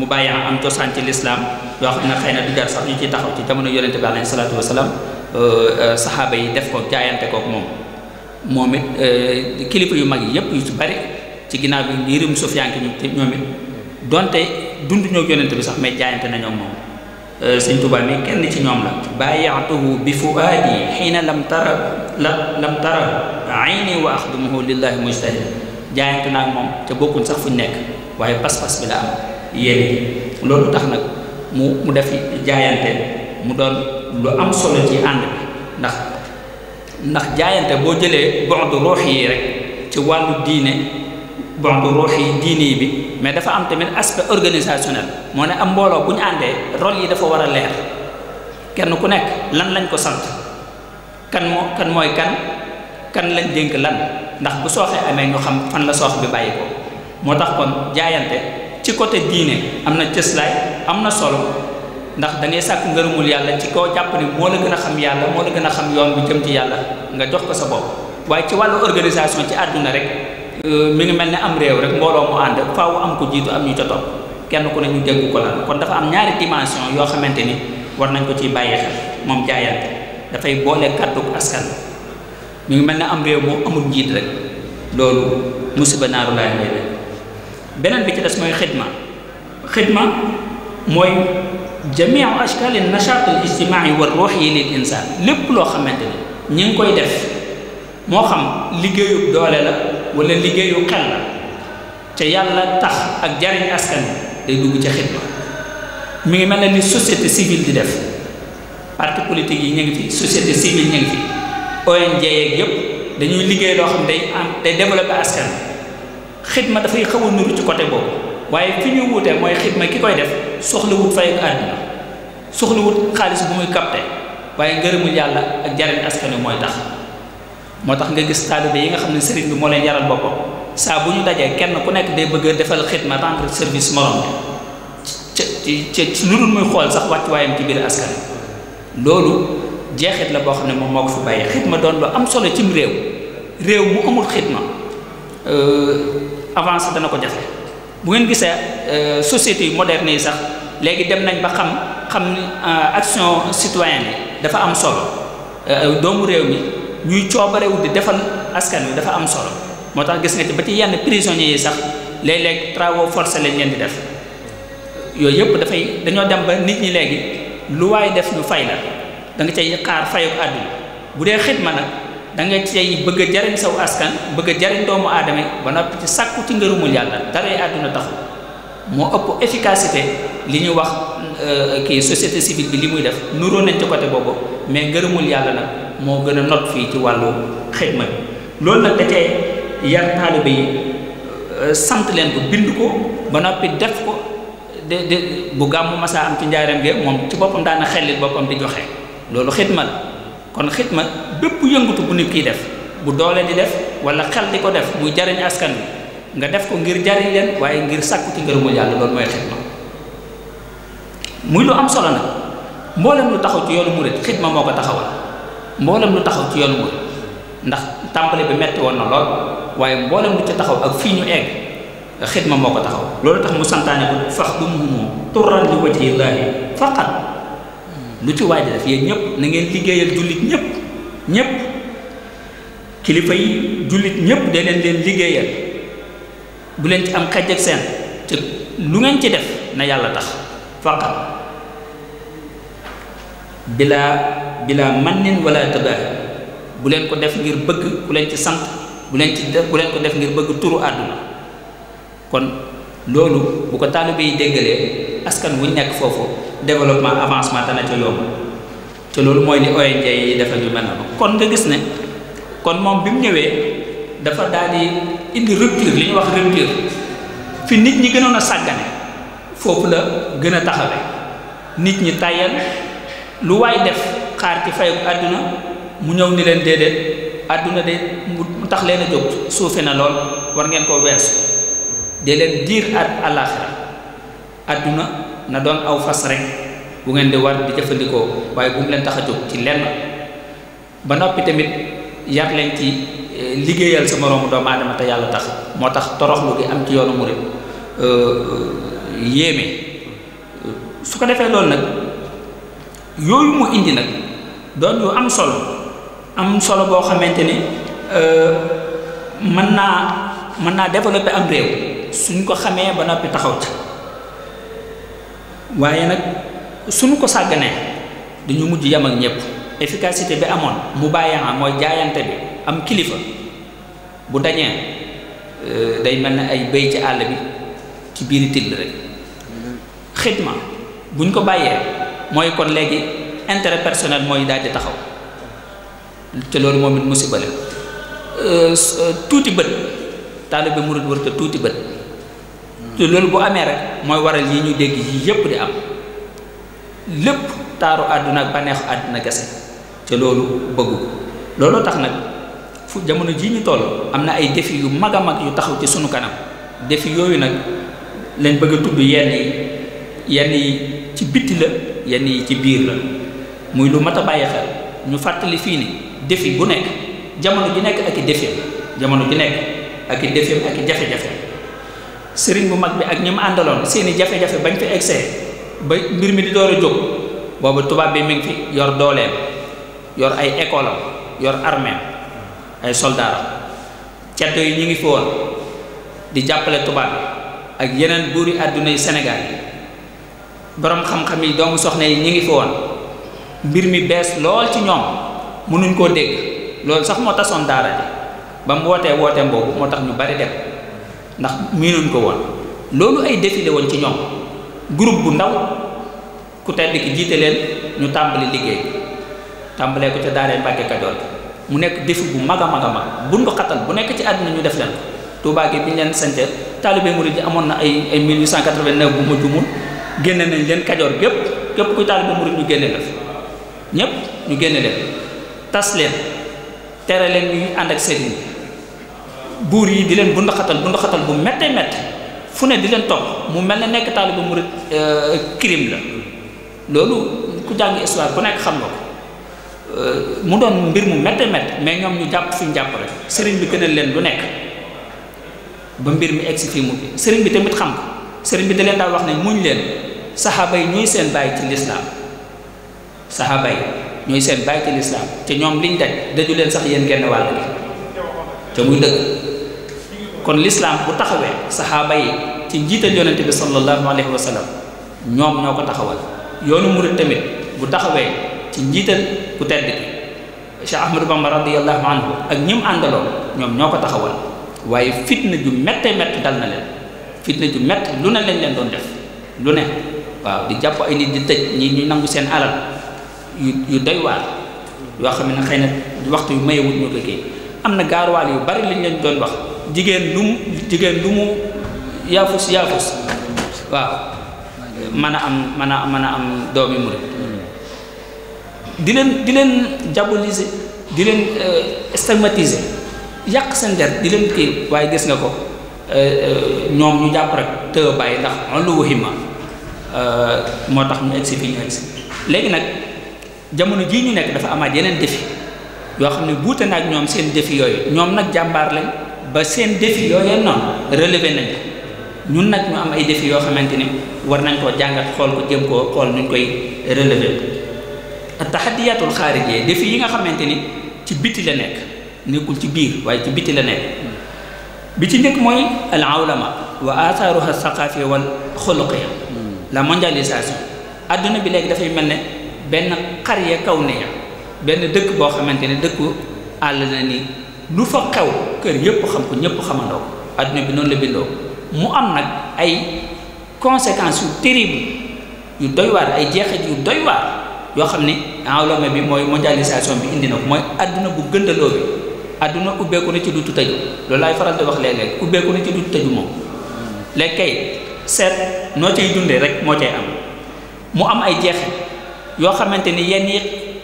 mubaayaan am cosaan ci lislaam yoo xam ne xëy na du jar sax ñu ciy taxaw ci jamono yonente bi alayhi salaatu wasalaam euh, euh, saxaaba yi def ko jaayante kook moom moom it euh, kilifa yu mag yi yu bari ci ginnaaw bi niirum sufiyanke ñoom it donte dund ñoo yonent bi sax mais jaayante nañoo moom euh, sëñ Tuubaa mi kenn ci ñoom la bàyyatuhu bi fuaadi xiina lam tara la lam tara ayni wa axdumuhu lillahi mujtahid jaayante naa moom te bokkuñ sax fuñ nekk waaye pas-pas bi la am yéene loolu tax nag mu mu def jaayante mu doon lu am solo ci ànd bi ndax ndax jaayante boo jëlee bordu ruux yi rek ci wàllu diine bon du ruux yi diini bi mais dafa am tamit aspect organisationnel moo ne am mbooloo bu ñu àndee rôle yi dafa war a leer kenn ku nekk lan lañ ko sant kan moo kan mooy kan kan lañ dénk lan ndax bu sooxee amee ñu xam fan la soox bi bàyyi ko moo tax kon jaayante ci côté diine am na cëslaay am na solo ndax da ngay sàkk ngërëmul yàlla ci koo jàpp ni moo la gën a xam yàlla moo la gën a xam yoon bi jëm ci yàlla nga jox ko sa bopp waaye ci wàllu organisation ci àdduna rek Eh, mi ngi melni am rew rek mbooloo mu ànd faaw am ko jitu am ñu ca top kenn ku ne ñu ko la kon dafa am ñaari dimension yo xamanteni war nañ ko ci baye xel moom jaayante dafay boole kàddu askan mi ngi melni am rew mo amul jitu rek lolu musiba naru laay lay rek benen bi ci dess moy khidma khidma moy jamiu ashkalin nashat al ijtimai wa ar-ruhi lil insaan lepp lo xamanteni ñing koy def moo xam liggéeyu doole la wala liggéeyu xel la ca yàlla tax ak jariñ askan day dugg ca xidma mu ngi mel ne ni société civile di def parti politique yi ñu ngi fi société civile ñu ngi fi ONG yeeg yëpp dañuy liggéey loo xam day am day développé askan xidma dafay xaw a nuru ci côté boobu waaye fi ñu wuutee mooy xidma ki koy def soxlawut fay ak àdduna soxlawut xaalis bu muy capté waaye ngërëmul yàlla ak jariñ askan wi mooy tax moo tax nga gis taalibe yi nga xam ne sëriñ bi moo leen yaral boppam saa bu ñu dajee kenn ku nekk day bëgg a defal xidma rendre service morom ci ci lu dul muy xool sax wàccuwaayam ci biir askan loolu jeexit la boo xam ne moom moo ko fi bàyyi xidma doon lu am solo cim réew réew mu amul xidma euh, avance dana ko jafe bu ngeen gisee euh, société yu moderne yi sax léegi dem nañ ba xam xam ni euh, action citoyenne yi dafa am solo doomu réew mi ñuy coobarewu di defal askan wi dafa am solo moo tax gis nga ci ba ci yenn prisonniers yi sax léeg-léeg travaux forcés lañ leen di def yooyu yëpp dafay dañoo dem ba nit ñi léegi lu waay def ñu fay la da nga cay xaar fayuk àdduna bu dee xidma nag da nga cay bëgg a jariñ saw askan bëgg a jariñ doomu aadama ba noppi ci sàkku ci ngërëmul yàlla daree àdduna taxul moo ëpp efficacité li ñu wax euh, kii société civile bi li muy def nuroo nañ ci côté boobu mais ngërëmul yàlla nag mo gëna not fi ci walu xejma lool nak da cay yar talibi sante len ko bind ko ba nopi def ko de de bu masa am ci ndiaram ge mom ci da na xelit bopam di joxe lolu xitma kon xitma bepp yëngatu bu nit ki def bu doole di def wala xel di ko def muy jariñ askan nga def ko ngir jariñ len waye ngir sakku ci ngërëmul yalla lolu moy xitma muy lu am solo nak mbolam lu taxaw ci yoonu murit xitma moko taxawal mboolem lu taxaw ci yoonu murid ndax tàmpale bi metti woon na lool waaye mboolem lu ca taxaw ak fii ñu egg xidma moo ko taxaw loolu tax mu santaane ko fax du mu moom turan li wajhi llaahi faqat lu ci waaj def yéen ñëpp na ngeen liggéeyal jullit ñëpp ñëpp kilifa yi jullit ñëpp de leen leen liggéeyal bu leen ci am xaj ak seen te lu ngeen ci def na yàlla tax faqat bila bila mannin wala tabah bu len ko def ngir bëgg ku len ci sante bu len ci def bu len ko def ngir bëgg turu aduna kon lolu bu ko talibey yi askan wu nek fofu développement avancement tane ci yomb te lolu moy li ONG yi defal yu mel kon nga gis ne kon mom bi we dafa daal indi rupture li ñu wax rupture fi nit ñi gënon na sagane fofu la gëna taxawé nit ñi tayal lu way def xaar ci fayu àdduna mu ñëw ni leen déedéet àdduna de mu tax leen a jóg suufe na lool war ngeen koo weesu dee leen diir at àllaaxira àdduna na doon aw fas rek bu ngeen di war di jëfandikoo waaye bu mu leen tax a jóg ci lenn ba noppi tamit yar leen ci eh, liggéeyal sa moroomu doomu aadama te yàlla tax moo tax toroxlu bi am ci yoonu murit euh, euh, yéeme su ko defee loolu nag yooyu mu indi nag Don yu am solo am solo bo xamanteni euh man na man na développer am rew suñ ko xamé ba nopi taxaw ci waye nak suñ ko sagane dañu mujj yam ak ñepp efficacité bi amone mu nga moy jaayante bi am kilifa bu euh day mel ay béy ci all bi ci biiri rek xitma buñ ko baye moy kon léegi intérêt personnel mooy daal di taxaw te loolu moom it musiba la euh, euh, tuuti bët taalibe murid wër tuuti bët te loolu bu amee rek mooy waral yi ñu dégg yi yépp di am lépp taaru àdduna ak àdduna gese te loolu bëggu looloo tax nag fu jamono jii ñu toll am na ay défi yu mag a mag yu taxaw ci suñu kanam défi yooyu nag lañ bëgg a tudd yenn yi yenn yi ci bitti la yenn yi ci biir la muy lu mata baye xel ñu jamanu fi ni defi bu nek jamono ji nek ak defi jamono ji nek ak defi ak jafé jafe-jafe bu mag bi ak ñam andalon seeni jafe-jafe bañ fi excès ba mbir mi di doora jog, bobu tuba bi mi ngi fi yor dolem yor ay école yor armée ay soldat ceddo yi ñi ngi fi won di jappalé tuba bi ak yenen buri aduna yi borom xam-xam yi doomu soxna yi ñi ngi fi won mbir mi bees lool ci ñoom mënuñ koo dégg loolu sax moo tasoon daara ji ba mu wootee wooteem boobu moo tax ñu bari dem ndax miinuñ ko woon loolu ay défilé woon ci ñoom groupe bu ndaw ku tedd ki jiite leen ñu tàmbali liggéey tàmbalee ko ca daaree Mbàkke Kajoor mu nekk défi bu mag a mag a mag buñ bu nekk ci àddina ñu def leen ko Touba bi ñu leen sante taalibe murid yi amoon na ay ay 1889 bu ma jumul génne nañ leen Kajoor gépp képp ñu génne la ñépp ñu génne leen tas leen tere leen ñuy ànd ak sëriñ buur yi di leen bundaxatal bundaxatal bu méttee métte fu ne di leen topp mu mel na nekk taaliba murid euh, crime la loolu ku jàng histoire ku nekk xam nga ko euh, mu doon mbir mu méttee métte mais ñoom ñu jàpp fi ñu rek sëriñ bi gënal leen lu nekk ba mbir mi egsi fii mu sëriñ bi tamit xam ko sëriñ bi da leen daal wax ne muñ leen saxaaba yi ñooy seen bàyyi ci lislaam Sahabai, yi ñoy seen bayti l'islam te ñom liñ daj daju leen sax yeen genn wal te muy deug kon l'islam bu taxawé sahaba yi ci njiital yonente bi sallallahu alayhi wa sallam ñoom ñoo taxawal yoonu murid tamit bu taxawé ci njital ku tedd ki Cheikh Ahmadou Bamba radiyallahu anhu ak ñim andalo ñom ñoko taxawal waye fitna ju mette mett dal na leen fitna ju mett lu na leen leen doon def lu ne waaw di japp ay nit di tëj ñi ñu nangu seen alal yu yu doy waar yoo xam ne xëy na waxtu yu mayewut ñu ko kii am na gaaruwaal yu bari lañ leen doon wax jigéen lu mu jigéen lu mu yaafus yaafus waaw mën a am mën a man a am doomi murid di leen di leen diaboliser di leen euh, stigmatiser yàq seen der di leen kii waaye gis nga ko euh, ñoom ñu jàpp rek te bàyyi ndax on lu waxima moo tax ñu egsi fi ñu egsi léegi nag jamono jii ñu nekk dafa amaat yeneen defi yoo xam ne buute na ak ñoom seen défi yooyu ñoom nag jàmbaar lañ ba seen défi yooyu noonu relevé nañ ñun nag ñu am ay defi yoo xamante ni war nañ koo jàngat xool ko jëm koo xool nuñ koy relevé taxadiyatul xaarijee défi yi nga xamante ni ci biti la nekk nekkul ci biir waaye ci biti la nekk bi ci nekk mooy al awlama wa athaaruha saqaafi wal xuluqiya la mondialisation adduna bi léegi dafay mel ne benn xar ya kaw ne ya benn dëkk boo xamante ne dëkku àll na ni lu fa xew kër yëpp xam ko ñëpp xamandoo ko adduna bi noonu la bindoo mu am nag ay conséquences yu terrible yu doy waar ay jeexit yu doy waar yoo xam ne enlome bi mooy mondialisation bi indi na ko mooy adduna bu gëndaloo bi adduna ubbeeku na ci du tëju loolu laay faral di wax léeg-léeg ubbeeku na ci du tëju moom léegi kay seet noo cay dundee rek moo cay am mu am ay jeexit yoo xamante ni yenn yi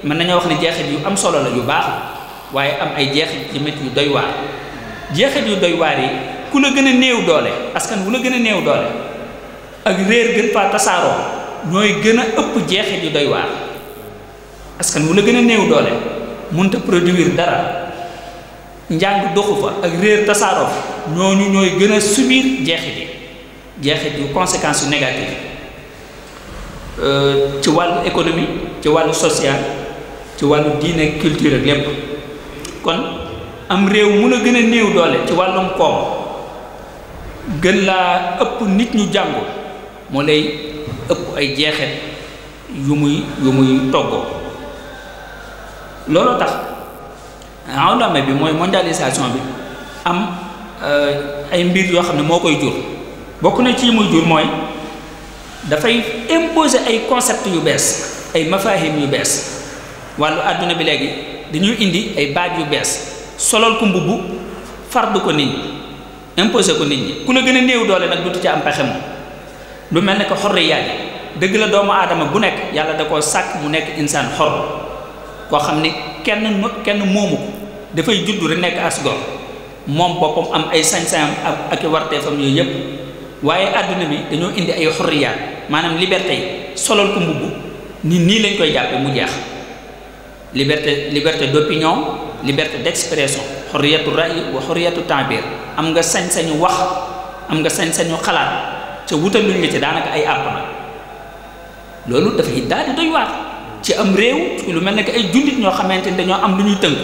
mën nañoo wax ne jeexit yu am solo la yu baax waaye am ay jeex tamit yu doy waar jeexit yu doy waar yi ku la gën a néew doole askan wu la gën a néew doole ak réer gën faa tasaaroo gën a ëpp jeexit yu doy waar askan wu gën a néew doole mënut a produire dara njàng doxu fa ak réer tasaaroo ñooñu ñooy gën a subir jeexit yi jeexit yu conséquences yu négatives Euh, ci wàllu économie ci wàllu social ci wàllu diine culture ak lépp kon am réew mun a gën a néew doole ci wàllum koom gën laa ëpp nit ñu jàngul moo lay ëpp ay jeexet yu muy yu muy toggoo looloo tax awlame bi mooy mondialisation bi am euh, ay mbir yoo xam ne moo koy jur bokk na ci muy jur mooy dafay imposer ay concept yu bees ay mafahim yu bees wàllu àdduna bi léegi dañuy indi ay baat yu bees solol ko mbubb fardu ko nit ñi imposer ko nit ñi ku la gën a néew doole nag dutu ci am pexe lu mel ne que xorriyaat yi dëgg la doomu aadama bu nekk yàlla da koo sàkk mu nekk insaan xor koo xam ni kenn kenn moomu ko dafay juddu rek nekk as moom boppam am ay sañ-sañam ak ak i warteefam yooyu yëpp waaye àdduna bi dañoo indi ay xurriyaat maanaam liberté yi solal ko mbubb ni nii lañ koy jàppe mu jeex liberté liberté d'opinion liberté d'expression xurriyatu ra'yi wa xurriyatu ta'bir am nga sañ-sañu wax am nga sañ-sañu xalaat ca wutal luñ la ci daanaka ay àpp na loolu dafay daal di doy waar ci am réew lu mel ne que ay jullit ñoo xamante ni dañoo am lu ñuy tënk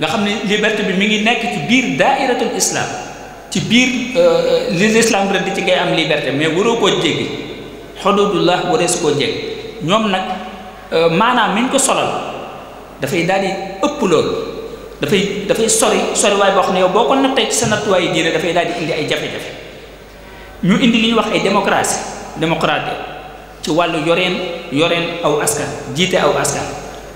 nga xam ne liberté bi mi ngi nekk ci biir daairatul islam ci biir euh, li lislaam rëdd ci ngay am liberté mais waroo koo jéggi xududullah waree su koo jéggi ñoom nag euh, maanaam mi ñu ko solal dafay daal di ëpp loolu dafay dafay sori soriwaay boo xam ne yow boo ko nattee ci sa nattuwaayu diine dafay daal di indi ay jafe-jafe ñu indi li ñuy wax ay démocratie démocrate ci wàllu yoreen yoreen aw askan jiite aw askan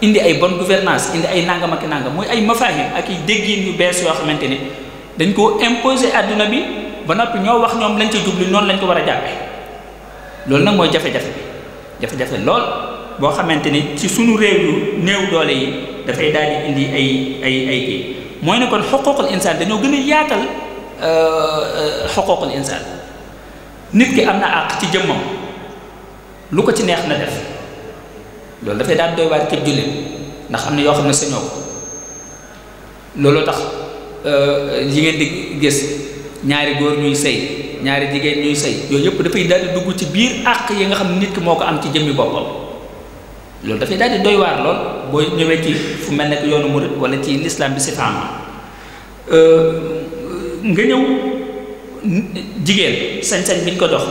indi ay bonne gouvernance indi ay nangam ak nangam muy ay mafahim ak i déggin yu bees yoo xamante ni dañ koo imposer àdduna bi ba noppi ñoo wax ñoom lañ ca jublu noonu lañ ko war a jàppe loolu nag mooy jafe-jafe bi jafe-jafe lool boo xamante ni ci suñu réew yu néew doole yi dafay daal di indi ay ay ay kii mooy nekkoon kon xuquuqul insaan dañoo gën a yaatal euh, euh, xuquuqul insaan nit ki am na àq ci jëmmam lu ko ci neex na def loolu dafay daal doy waar képp jullit ndax am na yoo xam ne sañoo ko looloo tax yi euh, ngeen di gis ñaari góor ñuy sëy ñaari jigéen ñuy sëy yooyu yëpp dafay daal di dugg ci biir àq yi nga xam nit ki moo ko am ci jëmmi boppam loolu dafay daal di doy lool booy ñëwee ci fu mel nekk yoonu murid wala ci lislaam bi si faama euh, nga ñëw jigéen sañ-sañ bi ñu ko dox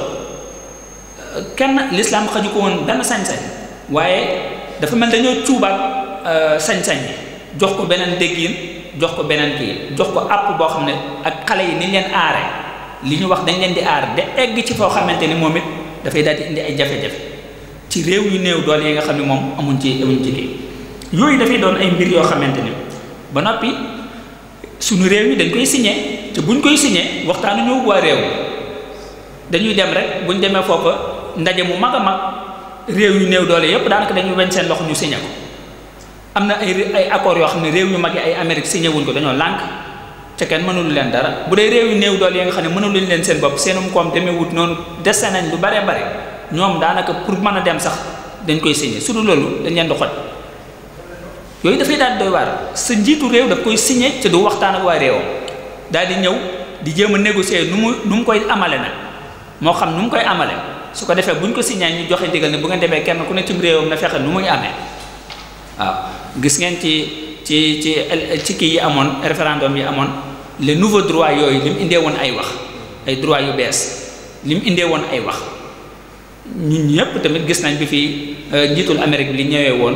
kenn lislaam xaju ko woon benn sañ-sañ waaye dafa mel dañoo cuubaat euh, sañ-sañ bi jox ko beneen déggin jox ko beneen kii jox ko àpp boo xam ne ak xale yi niñ leen aare li ñu wax dañ leen di aar de egg ci foo xamante ni moom it dafay daal di indi ay jafe-jafe ci réew yu néew doole yi nga xam ne moom amuñ ci amuñ ci kii yooyu dafay doon ay mbir yoo xamante ni ba noppi suñu réew dañ koy signé te buñ koy signé waxtaanu ñëw waa réew dañuy dem rek buñ demee foofa ndaje mu mag a mag réew yu new doole yépp daanaka dañuy bañ seen loxo ñu signé am na ay ay accords yoo xam ne réew yu mag yi ay Amérique signé wuñ ko dañoo lànk ca kenn mënul leen dara bu dee réew yu néew dool yi nga xam ne mënuluñ leen seen bopp seenum koom demee wut noonu dese nañ lu baree bare ñoom daanaka pour mën a dem sax dañ koy signé su dul loolu dañ leen xoj yooyu dafay daal doy waar sa njiitu réew daf koy signé te du waxtaan ak waa réewam daal di ñëw di jéem a négocier nu mu lu mu koy amale nag moo xam nu mu koy amale ko defee bu ñu ko signé ñu joxe ndigal ne bu ngeen demee kenn ku ne ci réewam na fexe nu muy amee. gis ngeen ci ci ci ci ki yi amoon référendum yi amone le nouveau droit yoy lim indé won ay wax ay droit yu bes lim indé won ay wax ñun ñepp tamit gis nañ bi fi euh, njiitul amerique li ñëwé won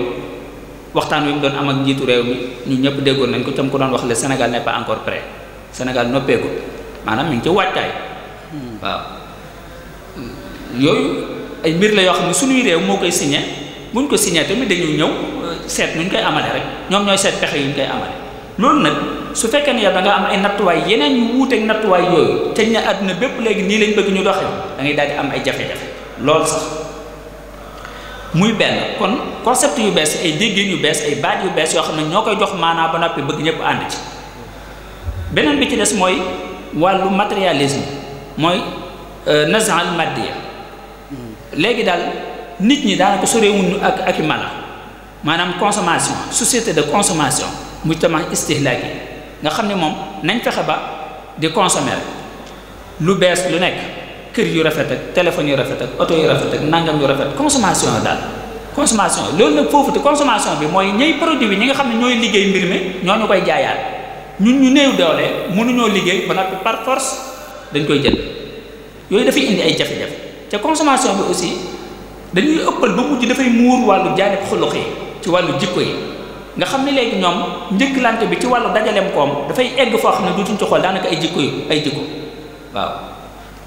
waxtaan wi doon am ak njiitu rew mi ñun ñepp déggon nañ ko tam ko doon wax le Sénégal n'est pas encore prêt Sénégal noppé ko manam mi ngi ci waccay waaw yoy ay mbir la yo xamni suñu rew mo koy signé buñ ko signé tamit dañuy ñëw euh, seet ñu koy amale rek ñoom ñooy seet pexe ñu koy amale loolu nag su fekkee ne yow da am ay nattuwaay yeneen yu wuuteeg nattuwaay yooyu teñ na àdduna bépp léegi nii lañ bëgg ñu doxee da ngay daal am ay jafe-jafe loolu sax muy benn kon concept yu bees ay déggin yu bees ay baat yu bees yoo xam ne ñoo koy jox maanaa ba noppi bëgg ñëpp ànd ci beneen bi ci des mooy wàllu matérialisme mooy euh, nazal maddiya yi hmm. daal nit ñi daanaka soreewuñu ak ak i mala maanaam consommation société de consommation mu tamit istihlaaki nga xam ne moom nañ fexe ba di consommer lu bees lu nekk kër yu rafet ak téléphone yu rafet ak oto yu rafet ak nangam yu rafet consommation daal consommation loolu nag foofu te consommation bi mooy ñey produit bi ñi nga xam ne ñooy liggéey mbir mi ñoo ñu koy jaayaat ñun ñu néew doole mënuñoo liggéey ba noppi par force dañ koy jël yooyu dafay indi ay jafe dañuy ëppal ba mujj dafay muur wàllu jaanib xuluq yi ci wàllu jikko yi nga xam ne léegi ñoom njëkkalante bi ci wàllu dajaleem koom dafay egg foofu xam ne duutuñ ci xool daanaka ay jikko yu ay jikko waaw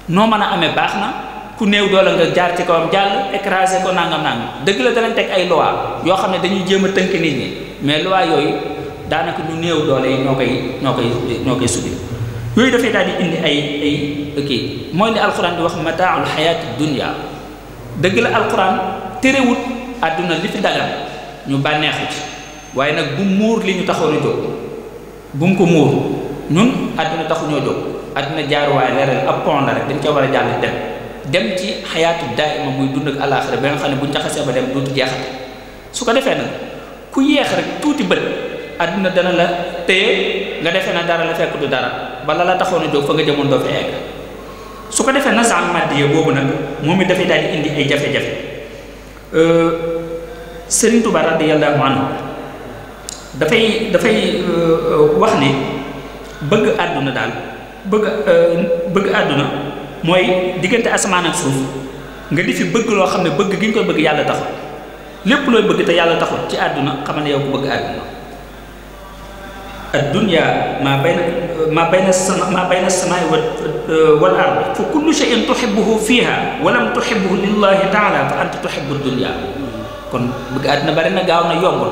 noo mën a amee baax na ku néew doole nga jaar ci kawam jàll écrasé ko nangam nangam dëgg la danañ teg ay loi yoo xam ne dañuy jéem a tënk nit ñi mais loi yooyu daanaka ñu néew doole yi ñoo koy ñoo koy ñoo yooyu dafay daal di indi ay ay kii mooy li alxuraan di wax mataaul xayaati dunya dëgg la alxuraan terewut àdduna li fi dagal ñu bànneexu ci waaye nag bu muur li ñu taxoon a jóg bu mu ko muur ñun àdduna taxuñoo jóg àdduna jaaruwaay leeral ab pont la rek dañ ca war a jàll dem dem ci xayaatu daaima muy dund ak alaaxira ba nga xam ne buñ jaxasee ba dem dootu jeexate su ko defee nag ku yeex rek tuuti bët àdduna dana la téye nga defee na dara la fekk du dara bala la taxoon a jóg fa nga jëmoon doo fi egg su ko defee nasaan maddiya boobu nag moom it dafay daal di indi ay jafe-jafe euh, Serigne Touba radiyallahu anhu dafay dafay euh, wax ni bëgg àdduna daal bëgg euh, bëgg àdduna mooy diggante asamaan ak suuf nga di fi bëgg loo xam ne bëgg gi ñu koy bëgg yàlla taxul lépp looy bëgg te yàlla taxul ci àdduna xamal ne yow ko bëgg àdduna Dunia ma bayna ma bayna samai wa wal ardh fa kullu shay'in tuhibbuhu fiha wa lam tuhibbuhu ta'ala fa anta tuhibbu ad-dunya kon bëgg aduna bari na gaaw na yomb la ah,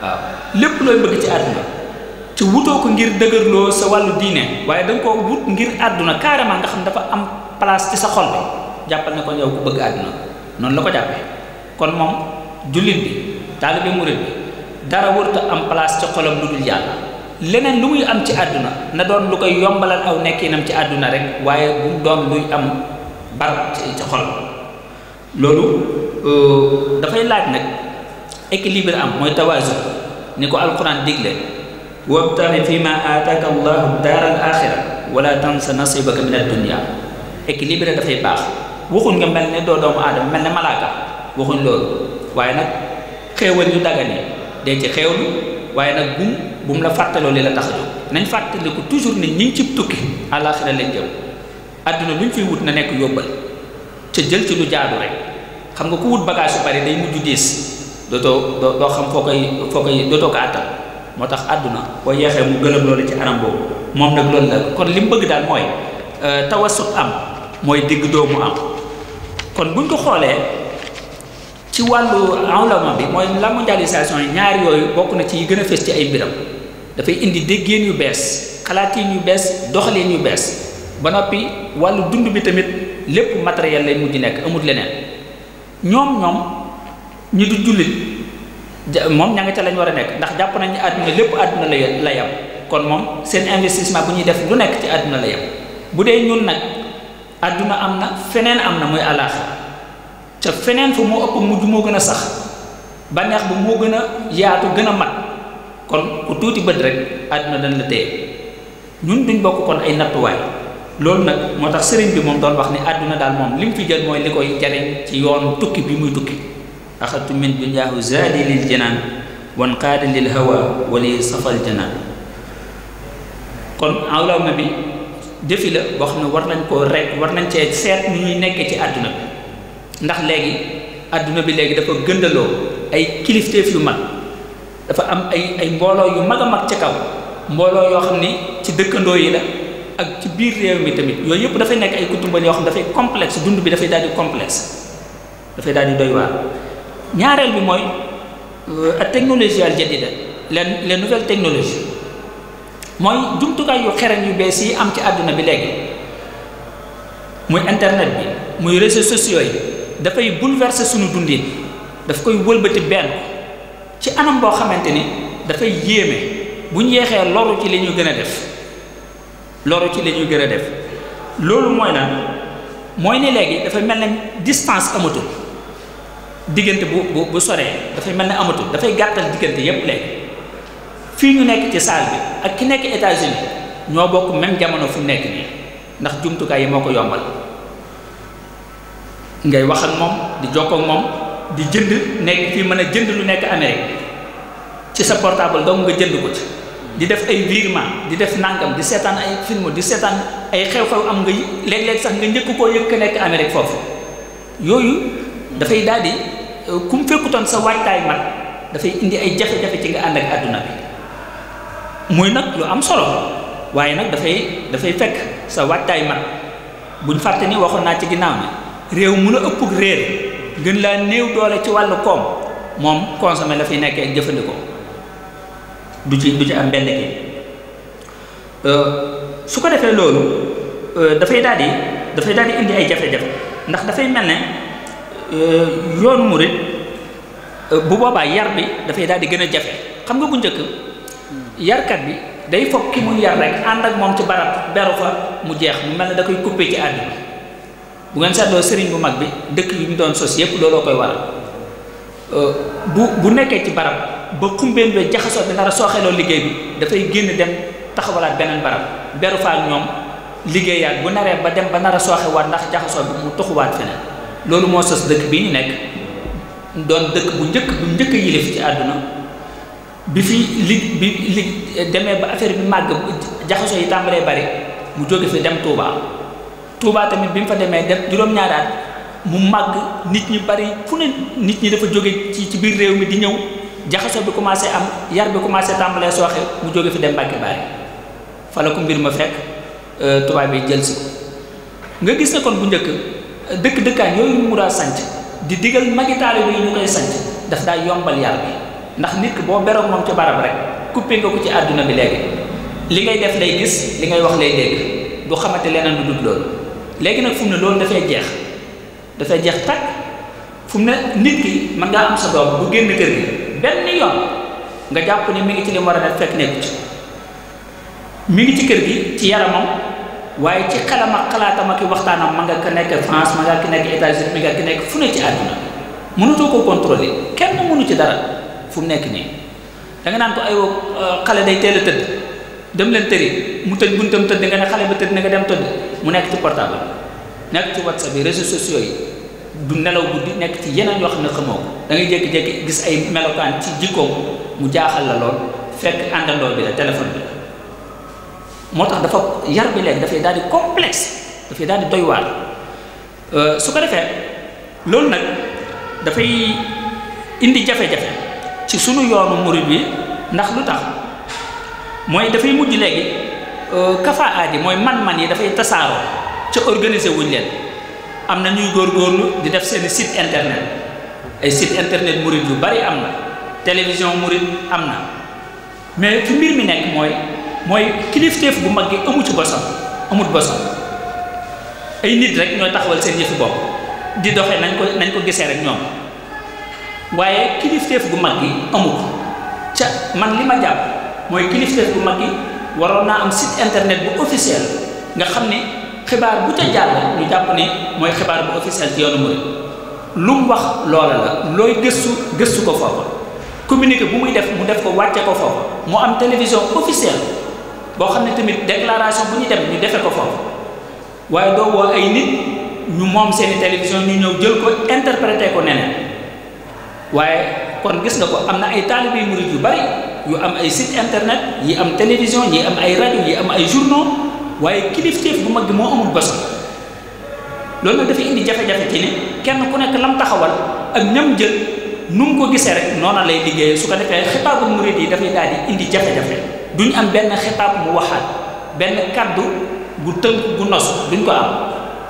waaw lepp loy bëgg ci aduna ci wuto ko wut ngir aduna carrément nga xam dafa am place ci sa xol bi jappal ne kon yow ko bëgg aduna non la ko jappé dara wurtu am place ci xolam leneen lu muy am ci àdduna na doon lu koy yombalal aw nekkinam ci àdduna rek waaye bu mu doon luy am bar ci xol loolu euh, dafay laaj nag équilibre am mooy tawaasu ni ko alquran digle wabtaxi fi ma aataaka allahu daaral axira wala tansa nasibaka min addunia équilibre dafay baax waxuñ nga mel ne doo doomu aadama mel ni malaaka waxuñ loolu waaye nag xéewal yu dagane dee ci xéewlu waaye nag bu bu mu la fàttaloo li la tax a jóg nañ fàttaliku toujours nit ñi ngi ci tukki àllaaxira lañ jëm àdduna lu ñu fiy wut na nekk yóbbal ca jël ci lu jaadu rek xam nga ko wut bagage yu bari day mujj diis dootoo doo xam foo koy foo koy dootoo ko àttal moo tax àdduna boo yeexee mu gëlëm loolu ci anam boobu moom nag loolu la kon li mu bëgg daal mooy euh, tawasut am mooy digg doomu am kon buñ ko xoolee. ci walu awlama bi moy la mondialisation ñaar yoy bokku na ci gëna fess ci ay da fay indi deggene yu bes, xalaati yu bes, doxale yu bes. ba nopi walu dund bi tamit lepp matériel lay mujj nyom, amut leneen ñom ñom ñi du jullit mom ñanga ca lañ wara nek ndax japp nañ àdduna lépp àdduna la la kon mom sen investissement bu ñuy def lu nek ci aduna la yam bu ñun nak aduna amna na amna moy na ca feneen fa moo ëpp mujj moo gën a sax bànneex ba moo gën a ko gën a mat kon ku tuuti bët rek àdduna dañ la téye ñun duñ bokk kon ay nattuwaay loolu nag moo tax sëriñ bi moom doon wax ni àdduna daal moom li mu fi mooy li koy jariñ ci yoon tukki bi muy tukki axatu min dunyaahu zaadi lil janaan wan qaada lil hawa wali safal janaan kon awlawma bi jëfi la boo xam ne war nañ ko rek war nañ cee seet ni ñuy nekkee ci àdduna bi ndax léegi àdduna bi léegi dafa gëndaloo ay kilifteef yu mag dafa am ay ay mbooloo yu mag a mag ca kaw mbooloo yoo xam ni ci dëkkandoo yi la ak ci biir réew mi tamit yooyu yëpp dafay nekk ay kutumbal yoo xam dafay complexe dund bi dafay daal di dafay daal di doy waar ñaareel bi mooy euh, ak technologie al jadida leen les nouvelles technologies mooy jumtukaay yu xereñ yu bees yi am ci àdduna bi léegi muy internet bi muy réseaux sociaux yi dafay bouleverser suñu dundin daf koy wëlbati benn ci anam boo xamante ni dafay yéeme bu ñu yeexee loru ci li ñu gën a def loru ci li gën a def loolu mooy lan mooy ni léegi dafay mel na distance amatul diggante bu bu bu soree dafay mel ne amatul dafay gàttal diggante yépp léegi fii ñu nekk ci salle bi ak ki nekk États-Unis ñoo bokk même jamono fu nekk nii ndax jumtukaay yi moo ko yombal. ngay wax ak moom di jokkoo moom di jënd nekk fii mën a jënd lu nekk Amérique ci sa portable doom nga jënd ko ci di def ay virement di def nangam di seetaan ay film di seetaan ay xew-xew am nga léeg-léeg sax nga njëkk koo yëkk nekk Amérique foofu yooyu dafay daal di euh, kum fekkutoon sa waajtaay mat dafay indi ay jafe-jafe ci nga ànd ak àdduna bi muy nag lu am solo waaye nag dafay dafay fekk sa waajtaay mat buñ fàtte ni waxoon naa ci ginnaaw bi réew mu a ëpp réer gën laa néew doole ci wàllu koom moom consommé la nekkee jëfandikoo du ci du ci am benn kii euh, su ko defee loolu euh, dafay daal dafay daldi indi ay jafe-jafe ndax dafay mel ne euh, yoonu murit bu boobaa yar bi dafay daal di gën a jafe xam nga bu njëkk yarkat bi day foog ki muy yar rek ànd ak moom ci barab beru fa mu jeex mu mel ne da koy coupé ci àdduna bu ngeen seetloo sëriñ bu mag bi dëkk yi ñu doon sos yépp looloo koy waral euh, bu bu nekkee ci barab ba xumbeen ba jaxasoo bi nar a sooxeloo liggéey bi dafay génn dem taxawalaat beneen barab beru fa ñoom liggéeyaat bu naree ba dem ba nar a sooxewaat ndax jaxasoo bi mu tuxuwaat feneen loolu moo sos dëkk bi ñu nekk doon dëkk bu njëkk bu njëkk yilif ci àdduna bi fi li bi li demee ba affaire bi màgg jaxasoo yi tàmbalee bari mu jóge fi dem Touba. touba tamit bi fa demee dem juróom ñaaraat mu mag nit ñi bari fu ne nit ñi dafa joggé ci ci biir réew mi di ñëw jaxaso bi commencé am yar bi commencé so sooxe mu joggé fi dem bakki bari fa la ko mbir ma fekk euh, touba bi jël ci nga gis ne kon bu njëkk dëkk dëkkaan yooyu mu da di digal magi taalibe yi ñu koy sanc daf da yombal yar bi ndax nit ki bo bérok mom ci barab rek coupé nga ko ci aduna bi légui li ngay def lay gis li ngay wax lay dégg du lénen du dudd léegi nag fu mu ne loolu dafay jeex dafay jeex takk fu mu ne nit ki mën ngaa am sa doom bu génn kër gi benn yoon nga jàpp ne mi ngi ci li mu war a def fekk nekku ci ngi ci kër gi ci yaramam waaye ci xelam ak xalaatam ak waxtaanam man nga ko nekk France ma nga ko nekk États-Unis mi nga ko nekk fu ne ci àdduna mënutoo ko contrôler kenn munu ci dara fu mu nekk nii danga nga naan ko aywa euh, xale day teel a tëdd dem leen tëri mu tëj buntam tëdd nga ne xale ba tëdd na nga dem tëdd mu nekk ci portable nekk ci whatsapp yi réseaux sociaux yi du nelaw guddi nekk ci yeneen yoo xam ne xamoo ko da ngay jékki gis ay melokaan ci jikkoom mu jaaxal la lool fekk àndandoo bi la téléphone bi la moo tax dafa yar bi léegi dafay daal di complexe dafay daal di doy waar euh, su ko defee loolu nag dafay indi jafe-jafe ci sunu yoonu murid bi ndax lu tax mooy dafay mujj léegi Euh, kafa aadi mooy man-man yi dafay tasaaroo ca organiser wuñ leen am na ñuy góor góorgóorlu di def seeni site internet ay site internet murid yu bari am na télévision murid am na mais fi mbir mi nekk mooy mooy kilifteef gu mag gi amu ci bosom amut bosom ay nit rek ñooy taxawal seen yëfi bopp di doxee nañ ko nañ ko gisee rek ñoom waaye kilifteef bu mag gi amu ko ca man li ma jàpp mooy kilifteef gu mag gi waroon naa am site internet bu officiel nga xam ne xibaar bu ca jàll ñu jàpp ne mooy xibaar bu officiel ci yoonu murid lu mu wax loola la looy gëstu gëstu ko foofa communiqué bu muy def mu def ko wàcce ko foofa mu am télévision officielle boo xam ne tamit déclaration bu ñu dem ñu defee ko foofa waaye doo woo ay nit ñu moom seeni télévision ñu ñëw jël ko interprété ko neneen waaye kon gis na ko am na ay taalibe murid yu bari yu am ay site internet yi am télévision yi am ay rajo yi am ay journaux waaye kilifteef bu mag bi moo amul bés loolu nag dafay indi jafe-jafe ci ne kenn ku nekk lam taxawal ak ñam jël nu mu ko gisee rek noona lay liggéeyee su ko defee xitaabul murid yi dafay daal di indi jafe-jafe duñ am benn xitaab mu waxaat benn kàddu bu tënk bu nos duñ ko am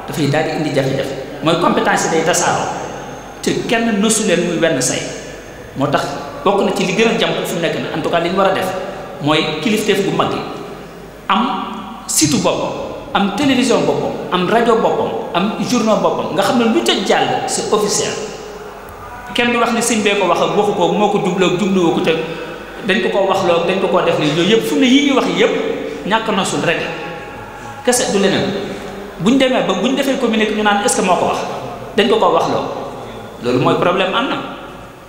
dafay daal indi jafe-jafe mooy compétence yi day tasaaroo te kenn nosu leen muy benn say moo tax bokk na ci li gën a jàmp fu nekk na en tout cas ñu war a def mooy kilifteef bu mag yi am site boppam am télévision boppam am rajo boppam am journaux boppam nga xam ne lu ca jàll c'est officiel kenn du wax ni sëñ bee ko wax ak waxu ko moo ko jubloog jubluwoo ko te dañ ko koo wax loog dañ ko koo def lii yooyu yëpp fu ne yii ñuy wax yëpp ñàkk nosul rek kese du leneen bu ñu demee ba bu ñu defee communiqué ñu naan est-ce moo ko wax dañ ko koo wax loog loolu mooy problème am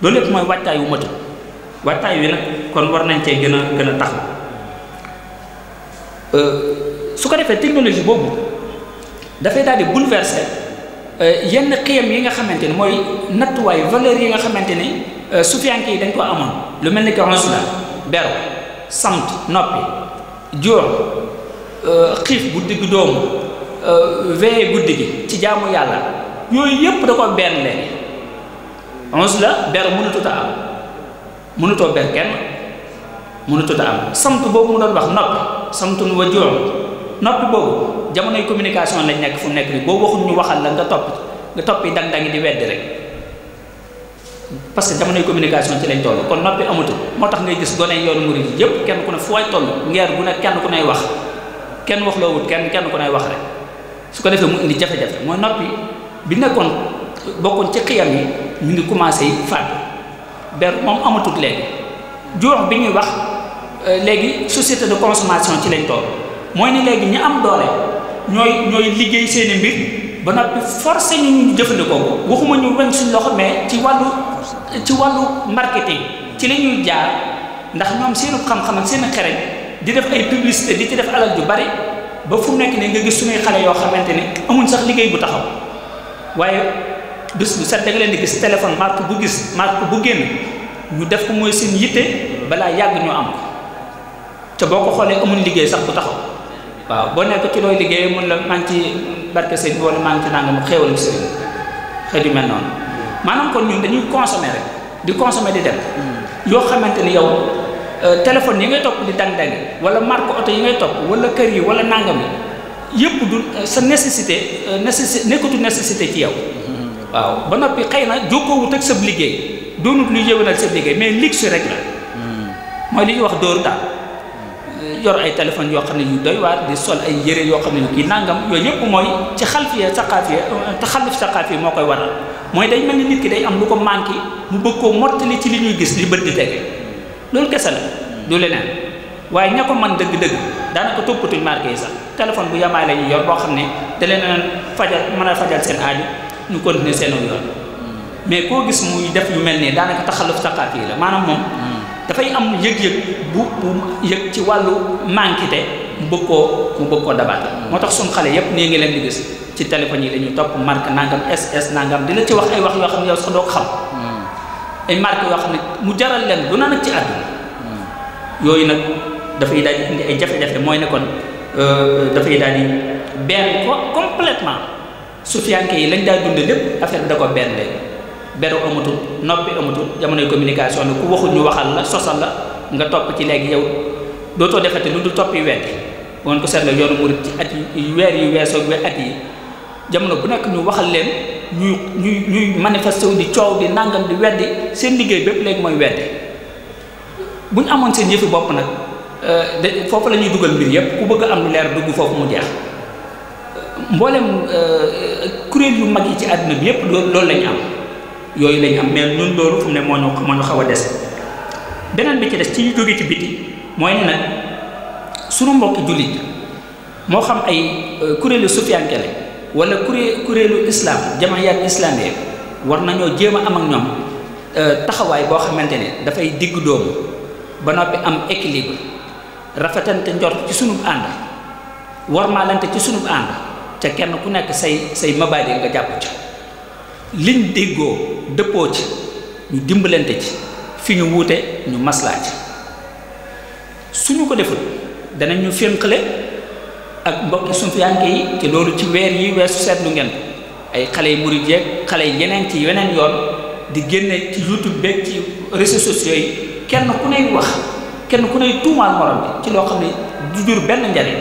loolu lépp mooy waajtaay wu matu waajtaay wi nag kon war nañ cee gën a gën a tax euh, su ko defee technologie boobu dafay daal di bouleverser euh, yenn xiyam yi nga xamante ni mooy nattuwaay valeur yi nga xamante ni euh, sufiyanke yi dañ ko amoon lu mel ni que xons la beru samt noppi joor xiif bu digg doomu veillé guddi gi ci jaamu yàlla yooyu yépp da ko benn leen 11 la ber munu tuta am to ber ken munu tuta am samtu boobu mu don wax nopp samtu wa juum noppi boobu jamono communication lañ nek fu nek ni bo waxu ñu waxal la nga top nga toppi dang-dangi di wedd rek parce que jamono communication ci lañ tollu kon noppi amutu motax ngay gis goné yoon mourid yépp kenn ku ne way tollu ngeer bu ne kenn ku nay wax kenn wax lo wut kenn kenn ku nay wax rek su ko defé mu indi jafé jafé mooy noppi bi nekkon bokkoon ci xiyam yi ñu ngi commencé faatu ber moom amatul leen jox bi ñuy wax euh, léegi société de consommation ci lañ toll mooy ni léegi ñu am doole ñooy ñooy liggéey seeni mbir ba noppi forcé ñu ñu jëfandikoo ko waxuma ñu weñ suñ loxo mais ci wàllu ci wàllu marketing ci la ñuy jaar ndax ñoom seenu xam-xam ak xere xereñ di def ay publicité di ci def alal ju bari ba fu nekk ne nga gis suñuy xale yoo xamante ne amuñ sax liggéey bu taxaw waaye bés bu set da leen di gis téléphone marque bu gis marque bu génn ñu def ko mooy seen yitte balaa yàgg ñu am ko boo ko xoolee amul liggéey sax bu taxaw waaw boo nekk ci looy liggéey mun la maa ngi ci barke sëñ bi wala maa ngi ci noonu maanaam kon ñun dañuy consommer rek di consommer di dem yoo xamante ni yow euh, téléphone yi ngay topp di dang-dang wala marque oto yi ngay topp wala kër yi wala nangam yi yëpp du euh, sa nécessité euh, nécessité nekkatu nécessité ci yow waaw ba noppi xëy na jokkoowut ak sab liggéey doonut lu yéwénal sab liggéey mais luxe rek la hmm. mooy li ñuy wax dóoru daal yor ay téléphone yoo xam ne yu doy waar di sol ay yére yoo xam ne kii nangam yooyu yëpp mooy ci xalfiya saqaafiya taxalluf saqaafiya moo koy waral mooy day mel ni day am lu ko manqué mu bëgg koo mottali ci li ñuy gis li bët di tege loolu kese la waaye ña ko mën dëgg-dëgg daanaka toppatuñ marqué yi sax téléphone bu yamaay la ñu yor boo xam ne da leen fajal mën a fajal seen aaju ñu continuer seen yoon mais koo gis muy def yu mel nii daanaka taxaluf saqaaf yi la maanaam moom dafay am yëg-yëg bu bu yëg ci wàllu manquité mu bëgg koo mu bëgg koo dabaate moo tax suñ xale yépp nii ngi leen di gis ci téléphone yi la ñuy topp marque nangam ss nangam dina ci wax ay wax yoo xam ne yow sax doo ko xam ay marque yoo xam ne mu jaral leen lu na nag ci àdduna yooyu nag dafay daal di ay jafe-jafe mooy nekkoon kon euh, dafay daal benn ko sufiyanke yi lañ daa dundee lépp affaire bi da ko benn beru amatul noppi amatul jamonoy communication bi ku waxul ñu waxal la sosal la nga topp ci léegi yow dootoo defati lu du toppi weer bu ngeen ko seetloo yoonu ci at yu weer yu weesoo ak at yi jamono bu nekk ñu waxal leen ñuy ñuy ñuy manifesté wu di coow di nangam di weddi liggéey bépp léegi mooy weddi bu ñu amoon seen yëfi bopp nag euh, de foofu la ñuy dugal mbir yëpp ku bëgg am lu leer dugg foofu mu jeex. mboolem euh, kuréel yu mag yi ci àdduna bi yépp loolu loolu lañ am yooyu lañ am mais ñun loolu mu ne moo ñu moo ñu xaw a des beneen bi ci des ci jóge ci mooy ne sunu mbokki jullit moo xam ay euh, kuréelu sufiyanke la wala kuré kuréelu islam jamaayaat islamiye war nañoo jéem a am ak ñoom euh, taxawaay boo xamante ne dafay digg doomu ba noppi am équilibre rafetante njort ci sunub ànd warmaalante ci sunub ànd ca kenn ku nekk say say mabaadi nga jàpp ci liñ déggoo dëppoo ci ñu dimbalante ci fi ñu wuute ñu maslaa ci suñu ko deful danañ ñu fénqale ak mbokki suufiyanke yi te loolu ci weer yi weesu seetlu ngeen ay xale yu murid yeeg xale yeneen ci yeneen yoon di génne ci youtube beeg ci réseaux sociaux yi kenn ku nay wax kenn ku ne tuumaal morom bi ci loo xam ne du jur benn njariñ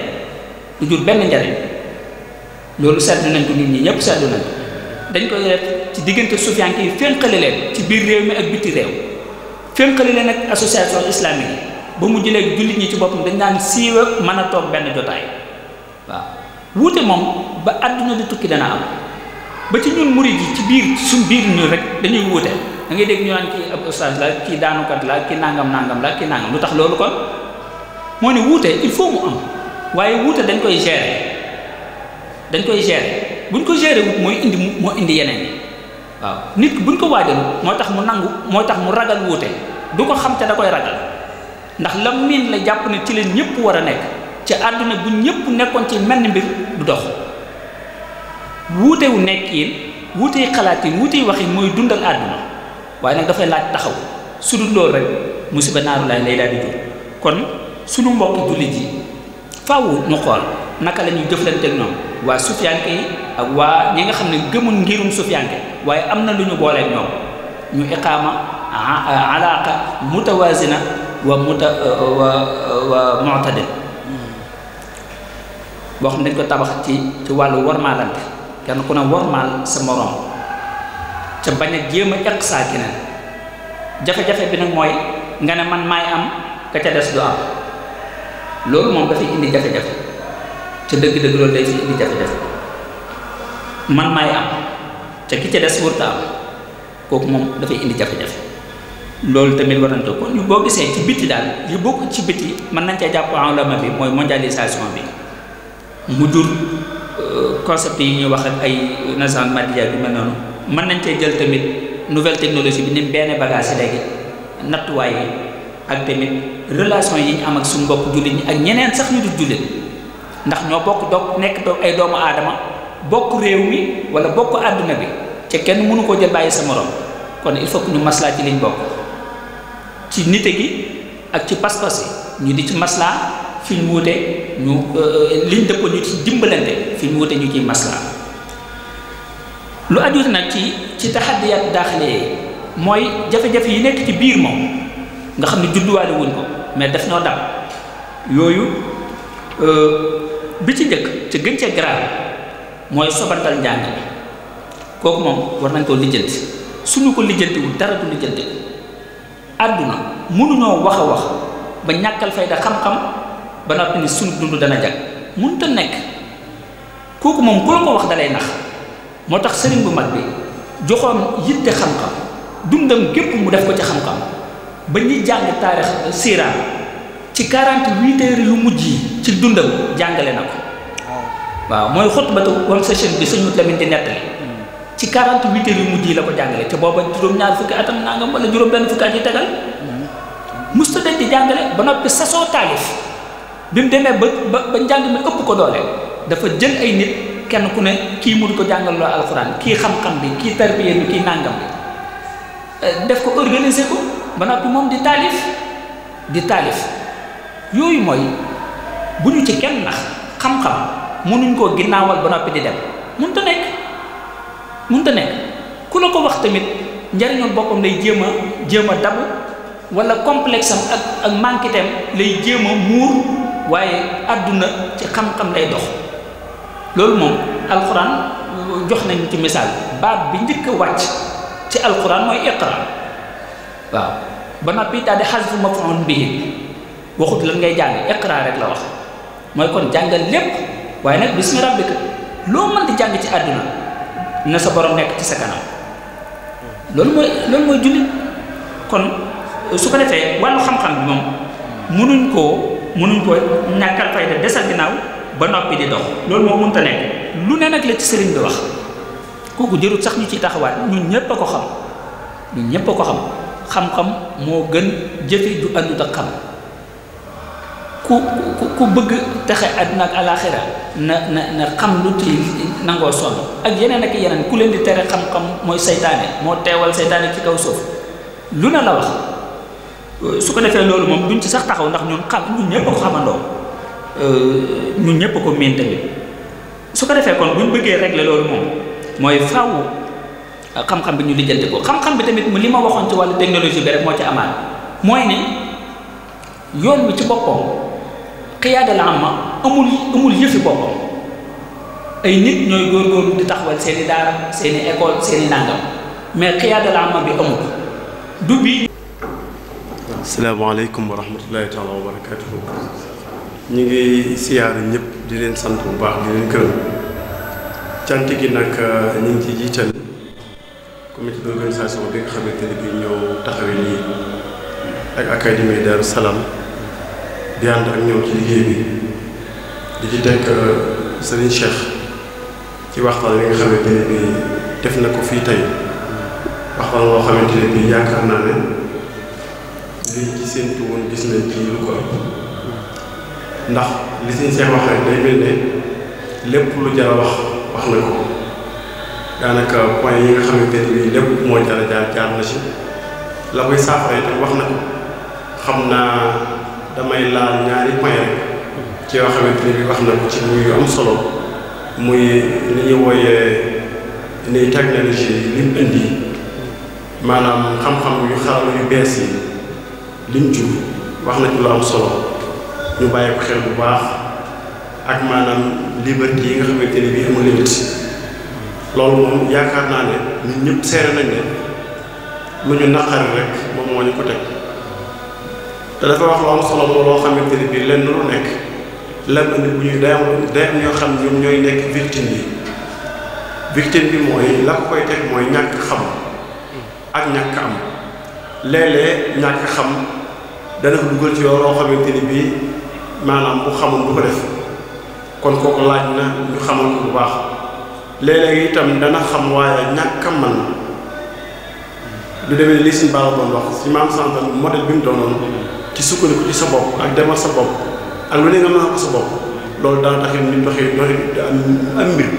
du jur benn njariñ loolu sét nañ ko nit ñi ñëpp sét nañ dañ ko def ci diggante sufiyanke yi fénqale leen ci biir réew mi ak biti réew fénqale leen ak association islamique yi ba mu jëlé jullit ñi ci boppam dañ nan siwa mëna tok a jotay wa wuté mom ba aduna di tukki dana am ba ci ñun mouride ci biir sun biir ñu rek dañuy wuté da ngay dégg ñu nan ki ab ustaas la daanu kat la ki nangam nangam la ki nangam lu tax loolu kon moo ne wuute il faut mu am waye wuté dañ koy gérer dañ koy gérer buñ ko geere wut mooy indi moo indi yeneen yi waaw nit buñ ko waajal moo tax mu nangu moo tax mu ragal wuute du ko xam te da koy ragal ndax lam miin la jàpp ne ci leen ñëpp war a nekk ci àdduna bu ñëpp nekkoon ci menn mbir du dox wuute wu nekk yi wuute yi xalaat yi wuute yi wax yi mooy dundal àdduna waaye nag dafay laaj taxaw su dul loolu rek musiba naaru laay lay daal di jur kon sunu mbokk jullit yi faaw ñu xool. naka la ñuy jëflanteeg ñoom waa sufiyanke yi ak waa ñi nga xam ne gëmul ngirum sufiyanke waaye am na lu ñu booleeg ñoom ñu iqaama alaqa mutawazina wa muta wa wa mu'tadil hmm. boo xam dañ ko tabax ci ci wàllu warmaalante kenn ku ne warmaal sa moroom ca bañ a jéem a eq saa keneen jafe-jafe bi nag mooy nga ne man maay am ka ca des du am loolu moom dafay indi jafe-jafe ca dëgg-dëgg loolu day ci indi jafe-jafe man maay am ca ki ca des wërta am kooku moom dafay indi jafe-jafe loolu tamit war nañ ko kon ñu boo gisee ci bitti daal yu bokk ci bitti mën nañ cee jàpp environnement bi mooy mondialisation bi mu jur euh, concept yi ñuy wax ak ay naissance matérielle bi mel noonu mën nañ cee jël tamit nouvelle technologie bi ni benn bagage yi léegi nattuwaay yi ak tamit relation yi ñu am ak suñu mbokk jullit ñi ak ñeneen sax ñu dul jullit ndax ñoo bokk doog nekk doog ay doomu aadama bokk réew mi wala bokk àdduna bi te kenn mënu koo jël bàyyi sa morom kon il faut que ñu maslaa ci liñ bokk ci nite gi ak ci pas-pas yi ñu di ci maslaa fi ñu wuute ñu euh, liñ dëpp ñu ci dimbalante fi ñu wuute ñu ciy maslaa lu aju nag ci ci taxaddiyaat daaxile mooy jafe-jafe yi nekk ci biir moom nga xam ne judduwaale wuñ ko mais daf ñoo dab yooyu. Euh, bi ci njëkk ci gën cee garaaw mooy sobantal njàng bi kooku moom war nañ koo lijjanti suñu ko lijjantiwul dara du lijjanti àdduna mënuñoo wax a wax ba ñàkkal fayda xam-xam ba noppi ni suñu dund dana jag mënut a nekk kooku moom ku la ko wax dalay nax moo tax sëriñ bu mag bi joxoon yitte xam-xam dundam gépp mu def ko ci xam-xam ba ñuy jàng taarix siiraan ci 48 heures yu mujj yi ci dundam jàngale na ko waaw mooy ba xutbatu concession bi suñu Lamin di nettali ci 48 heures yu mujj yi la ko jàngale te booba juróom-ñaar fukki atam naa nga wala juróom-benn fukki at yi tegal musta dañ di jàngale ba noppi sasoo taalif bi mu demee ba ba ba njàng mi ëpp ko doole dafa jël ay nit kenn ku ne kii mu ko jàngal loo alxuraan kii xam-xam bi kii tarbiya bi kii nàngam bi eh, def ko organiser ko ba noppi di taalif di taalif yooyu mooy bu ñu ci kenn nax xam-xam mënuñ koo ginnaawal ba noppi di dem mënut a nekk mënut a nekk ku la ko wax tamit njariñoo boppam lay jéem a jéem a dabu walla complexe am ak ak manquiteem lay jéema a muur waaye àdduna ci xam-xam lay dox loolu moom alxuraan jox nañu ci misaal baat bi njëkk a wàcc ci alxuraan mooy iqra waaw ba noppi daal xas bu ma faxoon bii waxut lan ngay jàng iqra rek la wax mooy kon jàngal lépp waaye nag bismi rabbika loo mën di jàng ci àdduna na sa borom nekk ci sa kanam loolu mooy loolu mooy jullit kon su ko defee wàllu xam-xam bi moom mënuñ koo mënuñ koo ñàkkal fayda desal ginnaaw ba noppi di dox loolu moo mënta nekk lu ne nag la ci sëriñ bi wax kooku jërut sax ñu ciy taxawaat ñun ñépp a ko xam ñun ñépp a ko xam xam-xam moo gën jëfe ju àndut ak xam ku ku ku bëgg texe àdduna ak alaxira na na na xam lu ci nangoo sonn ak yeneen ak yeneen ku leen di tere xam-xam mooy seytaane moo teewal seytaane ci kaw suuf lu na la wax su ko defee loolu moom duñ ci sax taxaw ndax ñun xam ñun ñëpp ko xamandoo euh, ñun ñëpp ko miin su ko defee kon buñ bëggee régler loolu moom mooy faaw xam-xam bi ñu lijjanti ko xam-xam bi tamit li ma waxoon ci wàllu technologie bi rek moo ci amaan mooy ne yoon wi ci boppam. xiyaada la amul amul yëfi boppam ay nit ñooy góorgóorlu di taxawal seen i daara seen i nàngam mais xiyaada la bi amul du bi asalaamaaleykum wa rahmatullahi taala wa barakatuhu ñu ngi siyaara ñëpp di leen sant bu baax di leen gërëm cant gi nag uh, ñu ngi ci jiital comité d'organisation bi nga xamante ne bi ñëw taxawee nii ak académie Daaru di ànd ak ñoom ci liggéey bi di ci teg euh, Serigne Cheikh ci waxtaan wi nga xamante ne bii def na ko fii tey waxtaan woo xamante ne bii yaakaar naa ne liñ ci séntu woon gis nañ ci lu ko ndax li Serigne Cheikh wax rek nga xamante ne bii lépp moo jar a jaar na ci la koy saafara itam wax na ko xam naa. damay laal ñaari point ci yoo xamante ni bi wax na ko ci muy am solo muy li ñu wooyee ni technologie li mu indi maanaam xam-xam yu xarala yu bees yi lim jur wax na ci lu am solo ñu bàyyi ko xel bu baax ak maanaam liberté yi nga xamante ni bi amul limite loolu moom yaakaar naa ne ñun ñëpp seere nañ ne lu ñu naqari rek moom moo ñu ko teg te dafa wax lu am solo loo xamante ni bii lenn lu nekk lenn nit bu ñuy day am ñoo xam ñoom ñooy nekk victime yi victime bi mooy la ko koy teg mooy ñàkk xam ak ñàkk am léeg ñàkk xam dana ko dugal ci yoo loo xamante ni bii maanaam bu xamul du ko def kon kooku laaj na ñu xamal ko bu baax léeg itam dana xam waaye ñàkk a man lu demee li suñu baax doon wax si maam santal modèle bi mu doonoon ci sukkandiku ci sa bopp ak demal sa bopp ak lu ne nga mën a ko sa bopp loolu dana tax nit doxee doxee am am mbir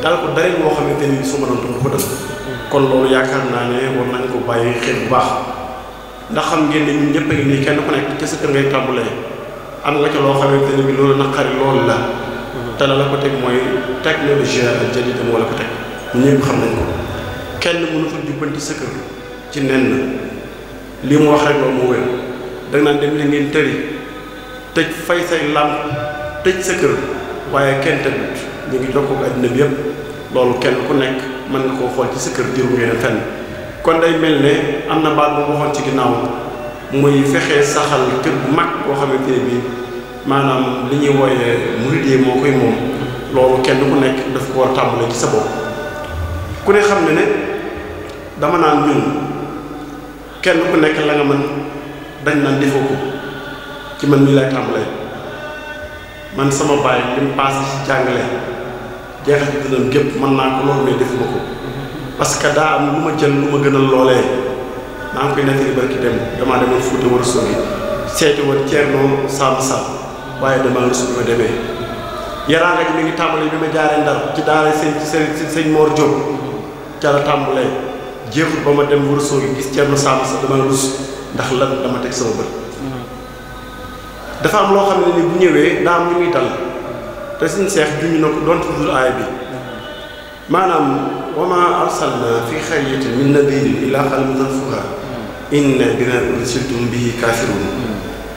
daal ko dareen boo xamante ni su mënoon du ko def kon loolu xam naa ne war nañ ko bàyyi xel bu baax ndax xam ngeen ne ñun ngi nii kenn ku nekk ca sa kër ngay tàmbalee am nga ca loo xamante ne bi loolu naqari loolu la te la la ko teg mooy technologie ak jadida moo la ko teg ñëpp xam nañ ko kenn mënu fa jubbanti sa kër ci nen li mu wax rek loolu moo wér danga naan dem li ngeen tëri tëj fay say làmp tëj sa kër waaye kenn tamit ñu ngi jokkoo ak àddina bi yépp loolu kenn ku nekk mën nga koo xool ci sa kër diiru ngeen fenn kon day mel ne am na baat bu ma waxoon ci ginnaaw muy fexee saxal kër bu mag boo xamante ne bii maanaam li ñuy mu murid yi moo koy moom loolu kenn ku nekk daf ko war a ci sa bopp ku ne xam ne ne dama naan ñun kenn ku nekk la nga mën dañ naan defoo ko ci man mii lay tàmbalee man sama baay li mu paase ci jàngale jeexati dënam gépp mën naa ko loolu mais defuma ko parce que daa am lu ma jël lu ma gënal loolee maa ngi koy nettali barki dem damaa demoon Fuuta war a sori seeti woon Ceerno Sama Sall waaye damaa rus bi ma demee yaraanga ji mi ngi tàmbali bi ma jaaree Ndar ci daa sëñ sëñ sëñ Mor Diop ca la tàmbalee jéexul ba ma dem war a sori gis Ceerno Sama Sall damaa rus ndax lan dama teg sama bët hmm. dafa am loo xam ne ni bu ñëwee daa am lu muy dal te suñu seex juñu na ko doon tuddul aaya bi hmm. maanaam wa ma arsalna fi xaryatin min nadirin illa xal mutanfuha hmm. inna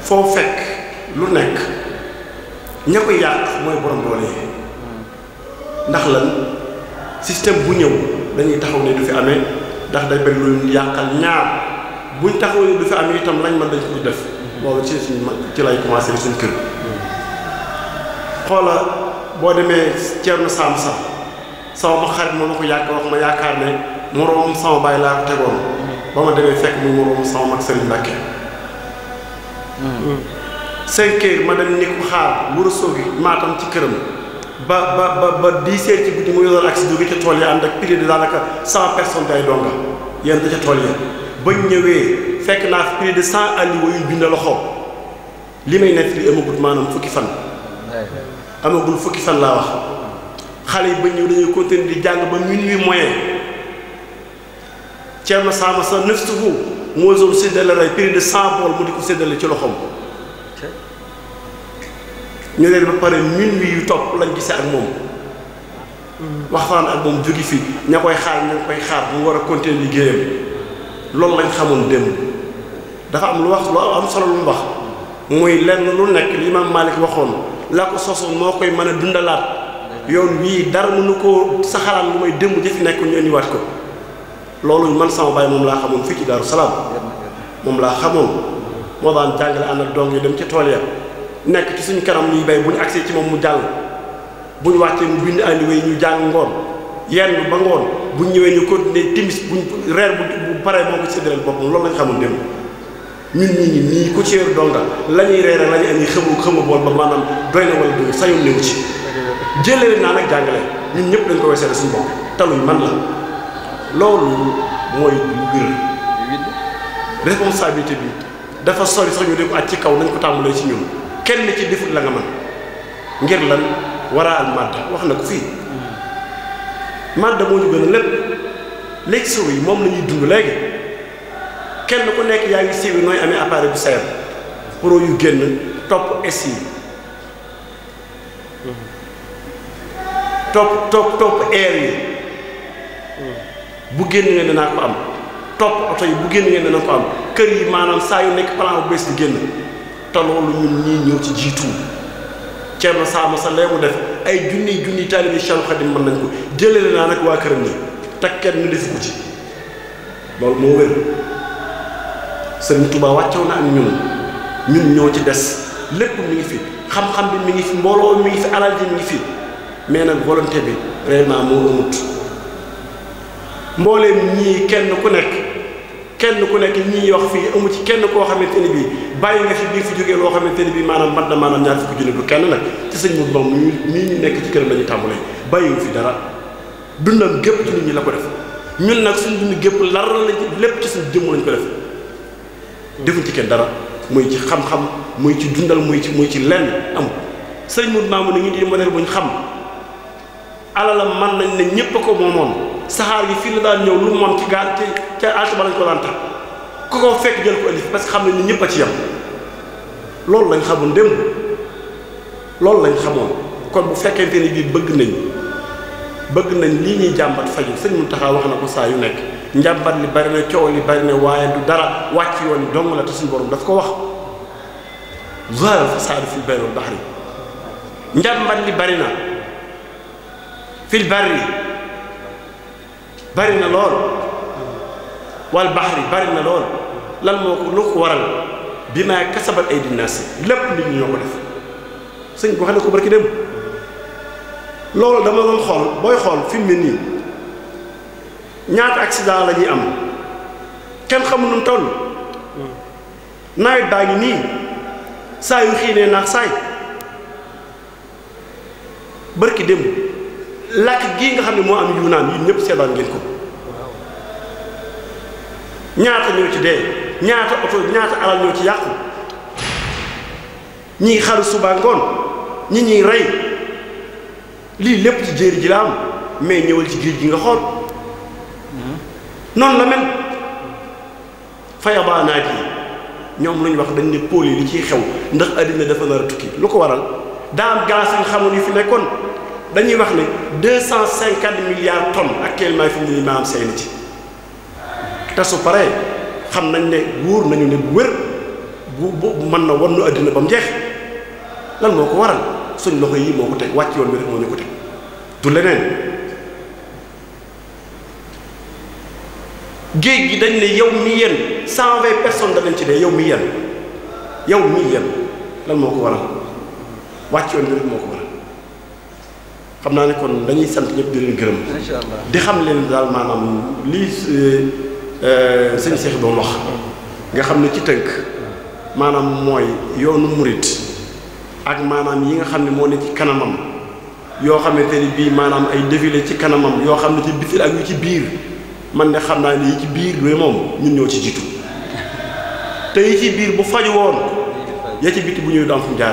foo fekk lu nekk ña ko yàq mooy borom doole ndax lan système bu ñëw dañuy taxaw ne du fi amee ndax day bëri lu yàqal ñaar buñ taxaw ni du fi am itam lañ ma dañ ko def loolu ci ma ci lay commencé bi suñ kër xoola boo demee Ceerno Saam sax sama ma xarit moo ma ko yàgg wax ma yaakaar ne moroom sama bàyyi laa ko tegoon ba ma demee fekk muy moroom sama mag Sëriñ Mbàkke hmm. cinq heures ma dem ni ko xaar lu rasoo gi maatam ci këram ba ba ba ba dix heures ci guddi mu yoral ak si jóge ca tool yi ànd ak pili de daanaka cent personnes day donga yéen da ca tool yi bañ ñëwee fekk naa fi plus de cent alluwa yu bind loxo li may nekk li amagul maanaam fukki fan amagul fukki fan laa wax xale yi bañ ñëw dañuy continuer di jàng ba minuit moyen ceerno saama sa neuf subu moo zoom séddale rey plus de cent bool mu di ko séddale ci loxoom ñu leen ba pare minuit yu topp lañ gisee ak moom waxtaan ak moom jógi fi ña koy xaar ña koy xaar bu war a continuer liggéeyam loolu lañ xamoon démb dafa am lu wax lu am solo lu mu wax muy lenn lu nekk li Imaam Maalik waxoon la ko sosoon moo koy mën a dundalaat yoon wii dara mënu ko saxalaan lu may démb jëfi nekk ñu indiwaat ko loolu mën sama baay moom laa xamoon fii ci Daaru Salaam moom laa xamoon moo daan jàngale ànd ak dong yi dem ci tool ya nekk ci suñ kanam ñuy bay bu ñu agsee ci moom mu jàll bu ñu wàccee mu bind àlliwe ñu jàng ngoon yenn ba ngoon bu ñëwee ñu continuer buñ reer pare moo ko séddale boppam loolu lañ xamul démb ñun ñi nii ku ci yor donga la ñuy reere la ñuy indi ba maanaam doy na wala doy sañoon néew ci jëlee ñun ñëpp dañ ko weesale suñu bopp taluñ man la bi dafa sori sax ñu di ko ci kaw nañ ko tàmbalee ci ñun kenn ci defut la nga mën ngir lan waraal màdd wax na ko fii màdd moo ñu lépp léegi yi moom lañuy ñuy dund léegi kenn ku nekk yaa ngi siiw nooy amee appareil bu seer pro yu génn topp es yi topp topp topp air yi bu génn ngeen danaa ko am topp oto yi bu génn ngeen dana ko am kër yi maanaam saa yu nekk plan bu bees di génn te loolu ñun ñii ñëw ci jiitu ceerno saama sa lee mu def ay junni junniy taalibi Cheikh Khadim mën nañ ko naa nag waa këram nii takket nu def ko ci loolu moo wér Sëriñ Tuubaa wàccew na ak ñun ñun ñoo ci des lépp mu ngi fi xam-xam bi mi ngi fi mbooloo mi ngi fi alal ji mi ngi fi mais nag volonté bi vraiment moo amut mbooleem ñii kenn ku nekk kenn ku nekk ñii wax fii amu ci kenn koo xamante ni bii bàyyi nga fi bii fi jógee loo xamante ni bii maanaam mat na maanaam ñaar ko junni du kenn nag ci sëñ bi moom mii ñu nekk ci këram la ñu tàmbalee bàyyiwu fi dara. dundam gépp ci nit ñi la ko def ñun nag suñu dund gépp lar lañ lépp ci suñu jëmm lañ ko def defuñ ci kenn dara muy ci xam-xam muy ci dundal muy ci muy ci lenn amul sëriñ Mourou Mamoune ñu di mëneel bu ñu xam alalam man nañ ne ñépp a ko moomoon saxaar yi fii la daan ñëw lu moom ci gaal ci ca àll lañ ko daan tax ku ko fekk jël ko indi parce que xam ne ni ñépp a ci yam loolu lañ xamoon démb loolu lañ xamoon kon bu fekkente ni bii bëgg nañ bëgg nañ lii ñuy jàmbat faju sëñ Muntaxa wax na ko saa yu nekk njàmbat li bari na coow li bari na waaye du dara wàcc yoon yi dong la te suñu borom daf ko wax zahara fasaadu fil barri wal bahri njàmbat li bari na fil barri bari na lool wal bahri bari na lool lan moo ko lu ko waral bi maa kasabat aydi naas lépp nit ñi ñoo ko def sëñ bi wax na ko barki dem loolu dama doon xool booy xool fi mu ne nii ñaata accident la ñuy am kenn xamul nu mu toll baa ngi nii saa yu xiinee naax saay bërki démb làkk gi nga xam ne moo am yuunaan yi ñëpp seetaan ngeen ko ñaata ñoo ci dee ñaata oto ñaata alal ñoo ci yàqu ñii xaru suba ngoon ñi ñuy rey lii lépp ci jéeri ji la am mais ñëwal ci géej gi nga xool noonu la mel fayabaanaat yi ñoom lu ñu wax dañ ne pôle yi li ciy xew ndax àddina dafa nar a tukki lu ko waral daa am gaz yi xamoon yu fi nekkoon dañuy wax ne deux cent cinquante milliards tonnes actuellement fi mu ne ma am seen ci te su paree xam nañ ne wóor nañu ne bu wér bu bu mën na wan nu àddina ba mu jeex lan moo ko waral. suñ loxo yii moo ko teg wàcc yoon bi rek moo ñu ko teg du leneen géej gi dañ ne yow mi yenn cent vingt personnes danañ ci dee yow mi yenn yow mi yenn lan moo ko waral wàcc yoon bi rek moo ko waral xam naa ne kon dañuy sant ñëpp di leen gërëm di xam leen daal maanaam lii euh, sëñ Cheikh doon wax nga xam ne ci tënk maanaam mooy yoonu murit ak manam yi nga xamne mo ne ci kanamam yo xamne tane bi manam ay défilé ci kanamam yo xamne ci bitil ak yu ci bir man de xamna ni ci bir lu mom ñun ñoo ci jitu te yi ci bir bu faju won ya ci biti bu ñuy dam fu mu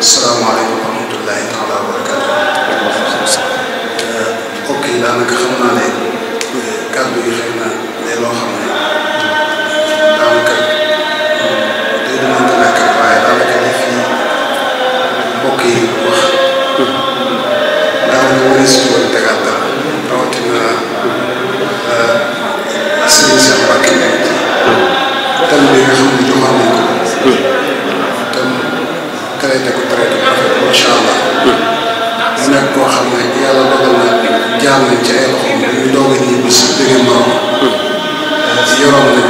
assalamu alaykum wa rahmatullahi taala wa barakatuh ok la nga xamna ne kàddu yi xamna ne lo xamna benn eh, si woon tegaat dara rawatina sëñ Cheikh Mbacke tam nga xam ne joxoon nañ ko tam traité ko traité ko rafet macha allah mu nekk koo xam ne yàlla dogal na jaar nañ ci ay loxo ñu doog a ñibbi si dëgg morom yoroon nañ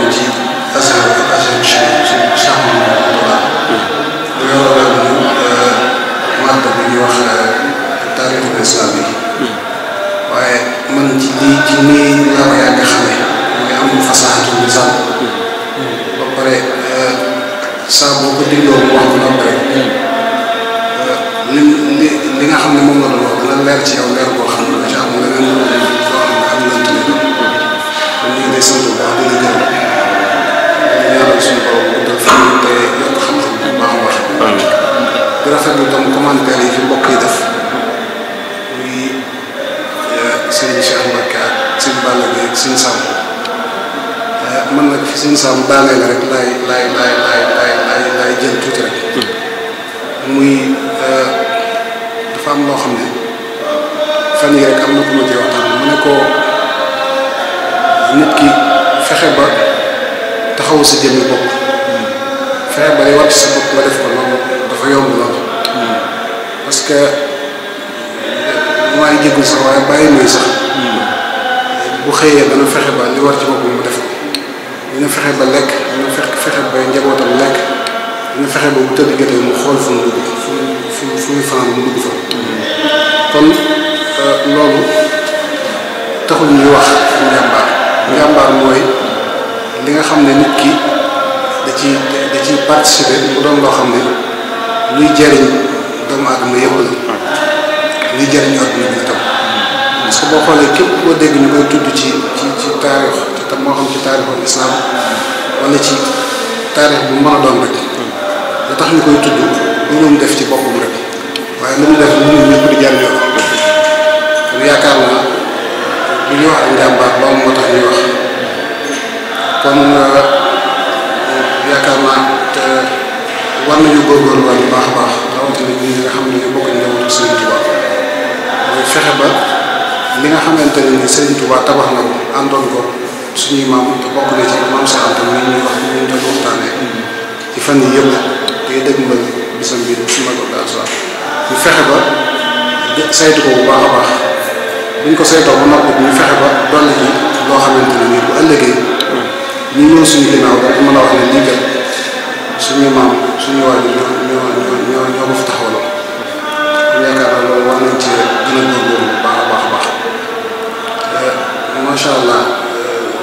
nii ñu la ko yàgg xame mooy amul fasaxatu lisan ba pare euh, saa boo ko dégloo mu wax ko ba pare li li li nga xam ne moom la doon wax dana leer ci yow leer boo xam ne dèjà mu nga leen loo am lënt ni kon ñu ngi lay sant bu baax dina gërëm ñu ñaanal suñu borom bu def fi te yokk xam-xam bu baax a baax di rafetlu tam commentaire yi fi mbokk yi def sëñ Balla Gaye ak sëñ Sam eh, nag fi sëñ Sam daanee la rek laay laay laay laay laay laay laay jël muy eh, dafa am loo xam ne fan yi rek am na ku ma ci ko nit ki fexe ba taxaw sa jëmmi bopp fexe ba day war ci bopp nga def ko loolu dafa yomb lool parce que waaye jégul sax waaye bàyyi mooy sax bu xëyee dana fexe ba li war ci boppam mu def ko dina fexe ba lekk dina fexe fexe ba njabootam lekk dina fexe ba bu tëdd jotee mu xool fu mu dugg fu fu fu muy fanaan mu dugg fa kon loolu taxul ñuy wax njàmbaar njàmbaar mooy li nga xam ne nit ki da ci da ciy participer mu doon loo xam ne luy jariñ doomu aadama yëpp la luy jariñ adduna bi su que xoolee képp koo dégg ñu koy tudd ci ci ci taarix te tam moo xam ci taarixul islam wala ci taarix bu mën a doon rek da tax ñu koy tudd lu ñoom def ci boppam rek waaye lu mu def lu ñu ñëpp di jariñoo yaakaar naa lu ñuy wax ak njàmbaar loolu moo tax ñuy wax baax a baax rawatina ñi nga xam ne li nga xamante ne ni Serigne Touba tabax na ko àndoon ko suñuy maam te bokk na ci maam Cheikh Anta mi ñuy wax ñu doon waxtaanee ci fan yii yëpp day dégg mbal bisam bi su ma doon daal soit ñu fexe ba saytu ko bu baax a baax buñ ko saytoo ba noppi ñu fexe ba dolli ji loo xamante ne nii bu ëllëgee ñu ñëw suñu ginnaaw rek mën a wax ne lii kat suñu maam suñu waajur ñoo ñoo ñoo ñoo ko fa taxawaloo yaakaar naa loolu war nañ ci gën a macha allah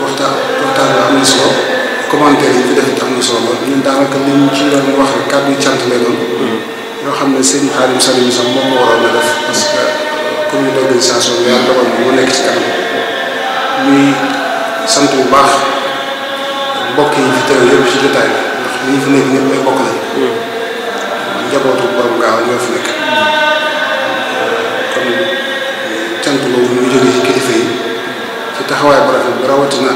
waxtaan waxtaan bi am na solo commentaire yi fi def it na solo lool daanaka li ñu ci doon wax rek kàddu yu lay doon. Hmm. yoo xam ne sëñ Xaadim Salim sax moom moo a nekk ci kanam ñuy sant bu baax mbokk yi fi teew yëpp nekk ñëpp hmm. nekk kon cant boobu ñu taxawaay bu rafet bi rawatina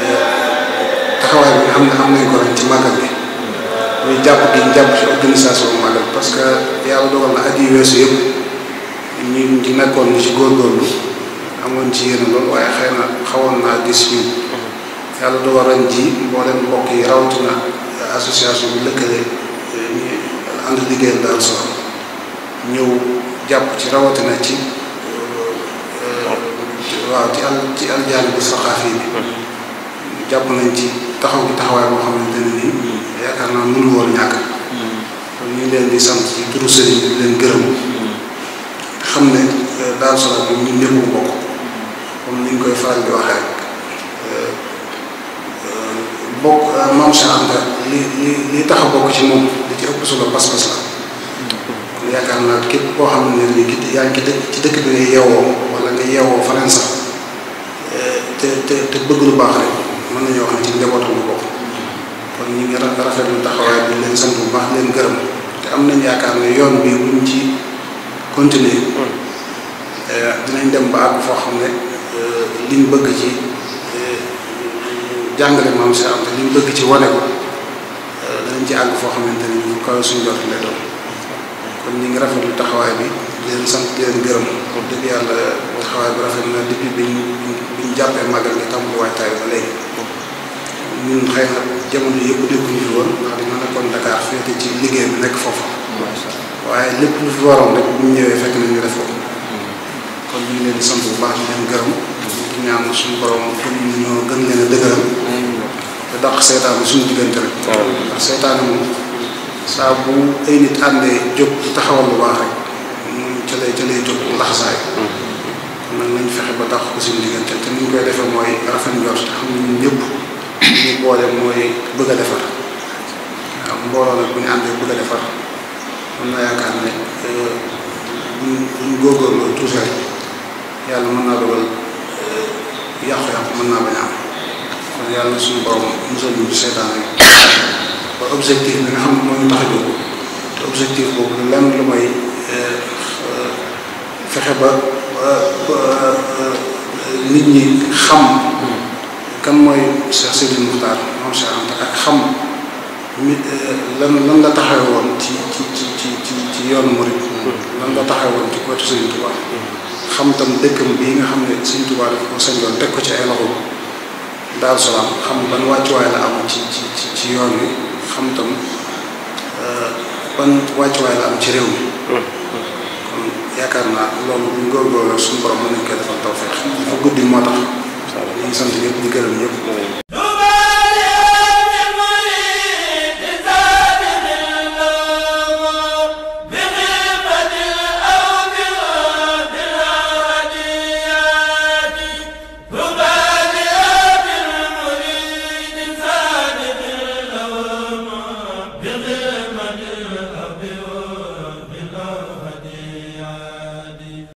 eh, taxawaay bi nga xam ne am nañ ko ren ci màggal bi ñuy jàpp gi ñu jàpp ci organisation bu parce que yàlla dogal na at yi weesu yëpp ñu ñu nekkoon ñu ci góorgóorlu amoon ci yéen loolu waaye xëy na xawoon naa gis ñu yàlla dogal ren ji mboolem mbokk yi rawatina association bi lëkkale eh, ñu daal soxla ñëw jàpp ci rawatina ci. waaw ci al ci al jaal bu saqaafi bi hmm. jàpp nañ ci taxaw bi taxawaay boo xam ne dana nii hmm. yaakaar naa mënu woon ñàkk hmm. kon ñu leen di sant ci turu sëriñ bi leen gërëm xam ne euh, daal solo bi ñun ñëpp bokk comme ni ñu koy faral di waxee rek euh, euh, bokk maam Cheikh Anta li li li tax bokk ci moom li ci ëpp solo pas-pas la yaakaar naa képp koo xam ne ni yaa ngi ci dëkk bi nga yeewoo wala nga yeewoo faneen sax te te te bëgg lu baax rek mën nañoo wax ci njabootam lu bokk kon ñu ngi rafetlu taxawaay bi leen sant bu baax leen gërëm te am nañ yaakaar ne yoon bi buñ ci continuer eh, dinañ dem ba àgg foo xam ne eh, liñ bëgg ci eh, jàngale maam si am te liñ bëgg ci wane ko danañ ci àgg foo xamante ne ñu kawe suñu jot lay doon kon ñu ngi rafetlu taxawaay bi. di leen sant di leen gërëm wax dëgg yàlla taxawaay bu rafet na depuis bi ñu bi ñu jàppee màggal nga tàmbali waajtaay ba léegi ñun xëy na jamono yëpp dégg ñu fi woon ndax dina nekkoon Dakar féete ci liggéey bi nekk foofu waaye lépp lu fi waroon rek bu ñu ñëwee fekk kon ñu ngi leen sant bu baax di leen gërëm di ñaan suñu borom gën ñoo gën leen a dëgëral te dàq seetaan bi suñu diggante rek ndax seetaan moom saa bu ay nit àndee jóg taxawal lu baax rek ca lay ca lay jóg laxasaay kon nag nañ fexe ba dàq ko suñu diggante te ni ñu koy defee mooy rafet njort te xam ne ñëpp ñu boole mooy bëgg a defar waaw mbooloo nag bu ñu àndee bëgg a defar am na yaakaar ne buñ buñ góorgóorloo toujours yàlla mën naa dogal yàqu-yàqu mën naa bañ a am kon yàlla suñu borom musal ñu seetaan rek ba objectif bi nga xam ne moo ñu tax a jóg te objectif boobu lenn lu may fexe ba nit ñi xam kan mooy Cheikh Sidi Moukhtar moom Cheikh Anta ak xam mi eh, lan lan la taxawe woon ci ci ci ci ci yoonu murid lan la taxawe woon ci côté Sëriñ Tuubaa xam tam dëkkam bii nga teg ko ci ay loxo Daaru Salaam xam ban wàccuwaay la am ci ci ci yoon wi xam tam eh, ban wàccuwaay la am ci réew mi yaakaar naa loolu bu ñu góorgóorloo suñu borom mën nañu koy defal tawfeex dafa guddi moo tax. incha allah ñu ngi sant ñëpp di yëpp ñëpp.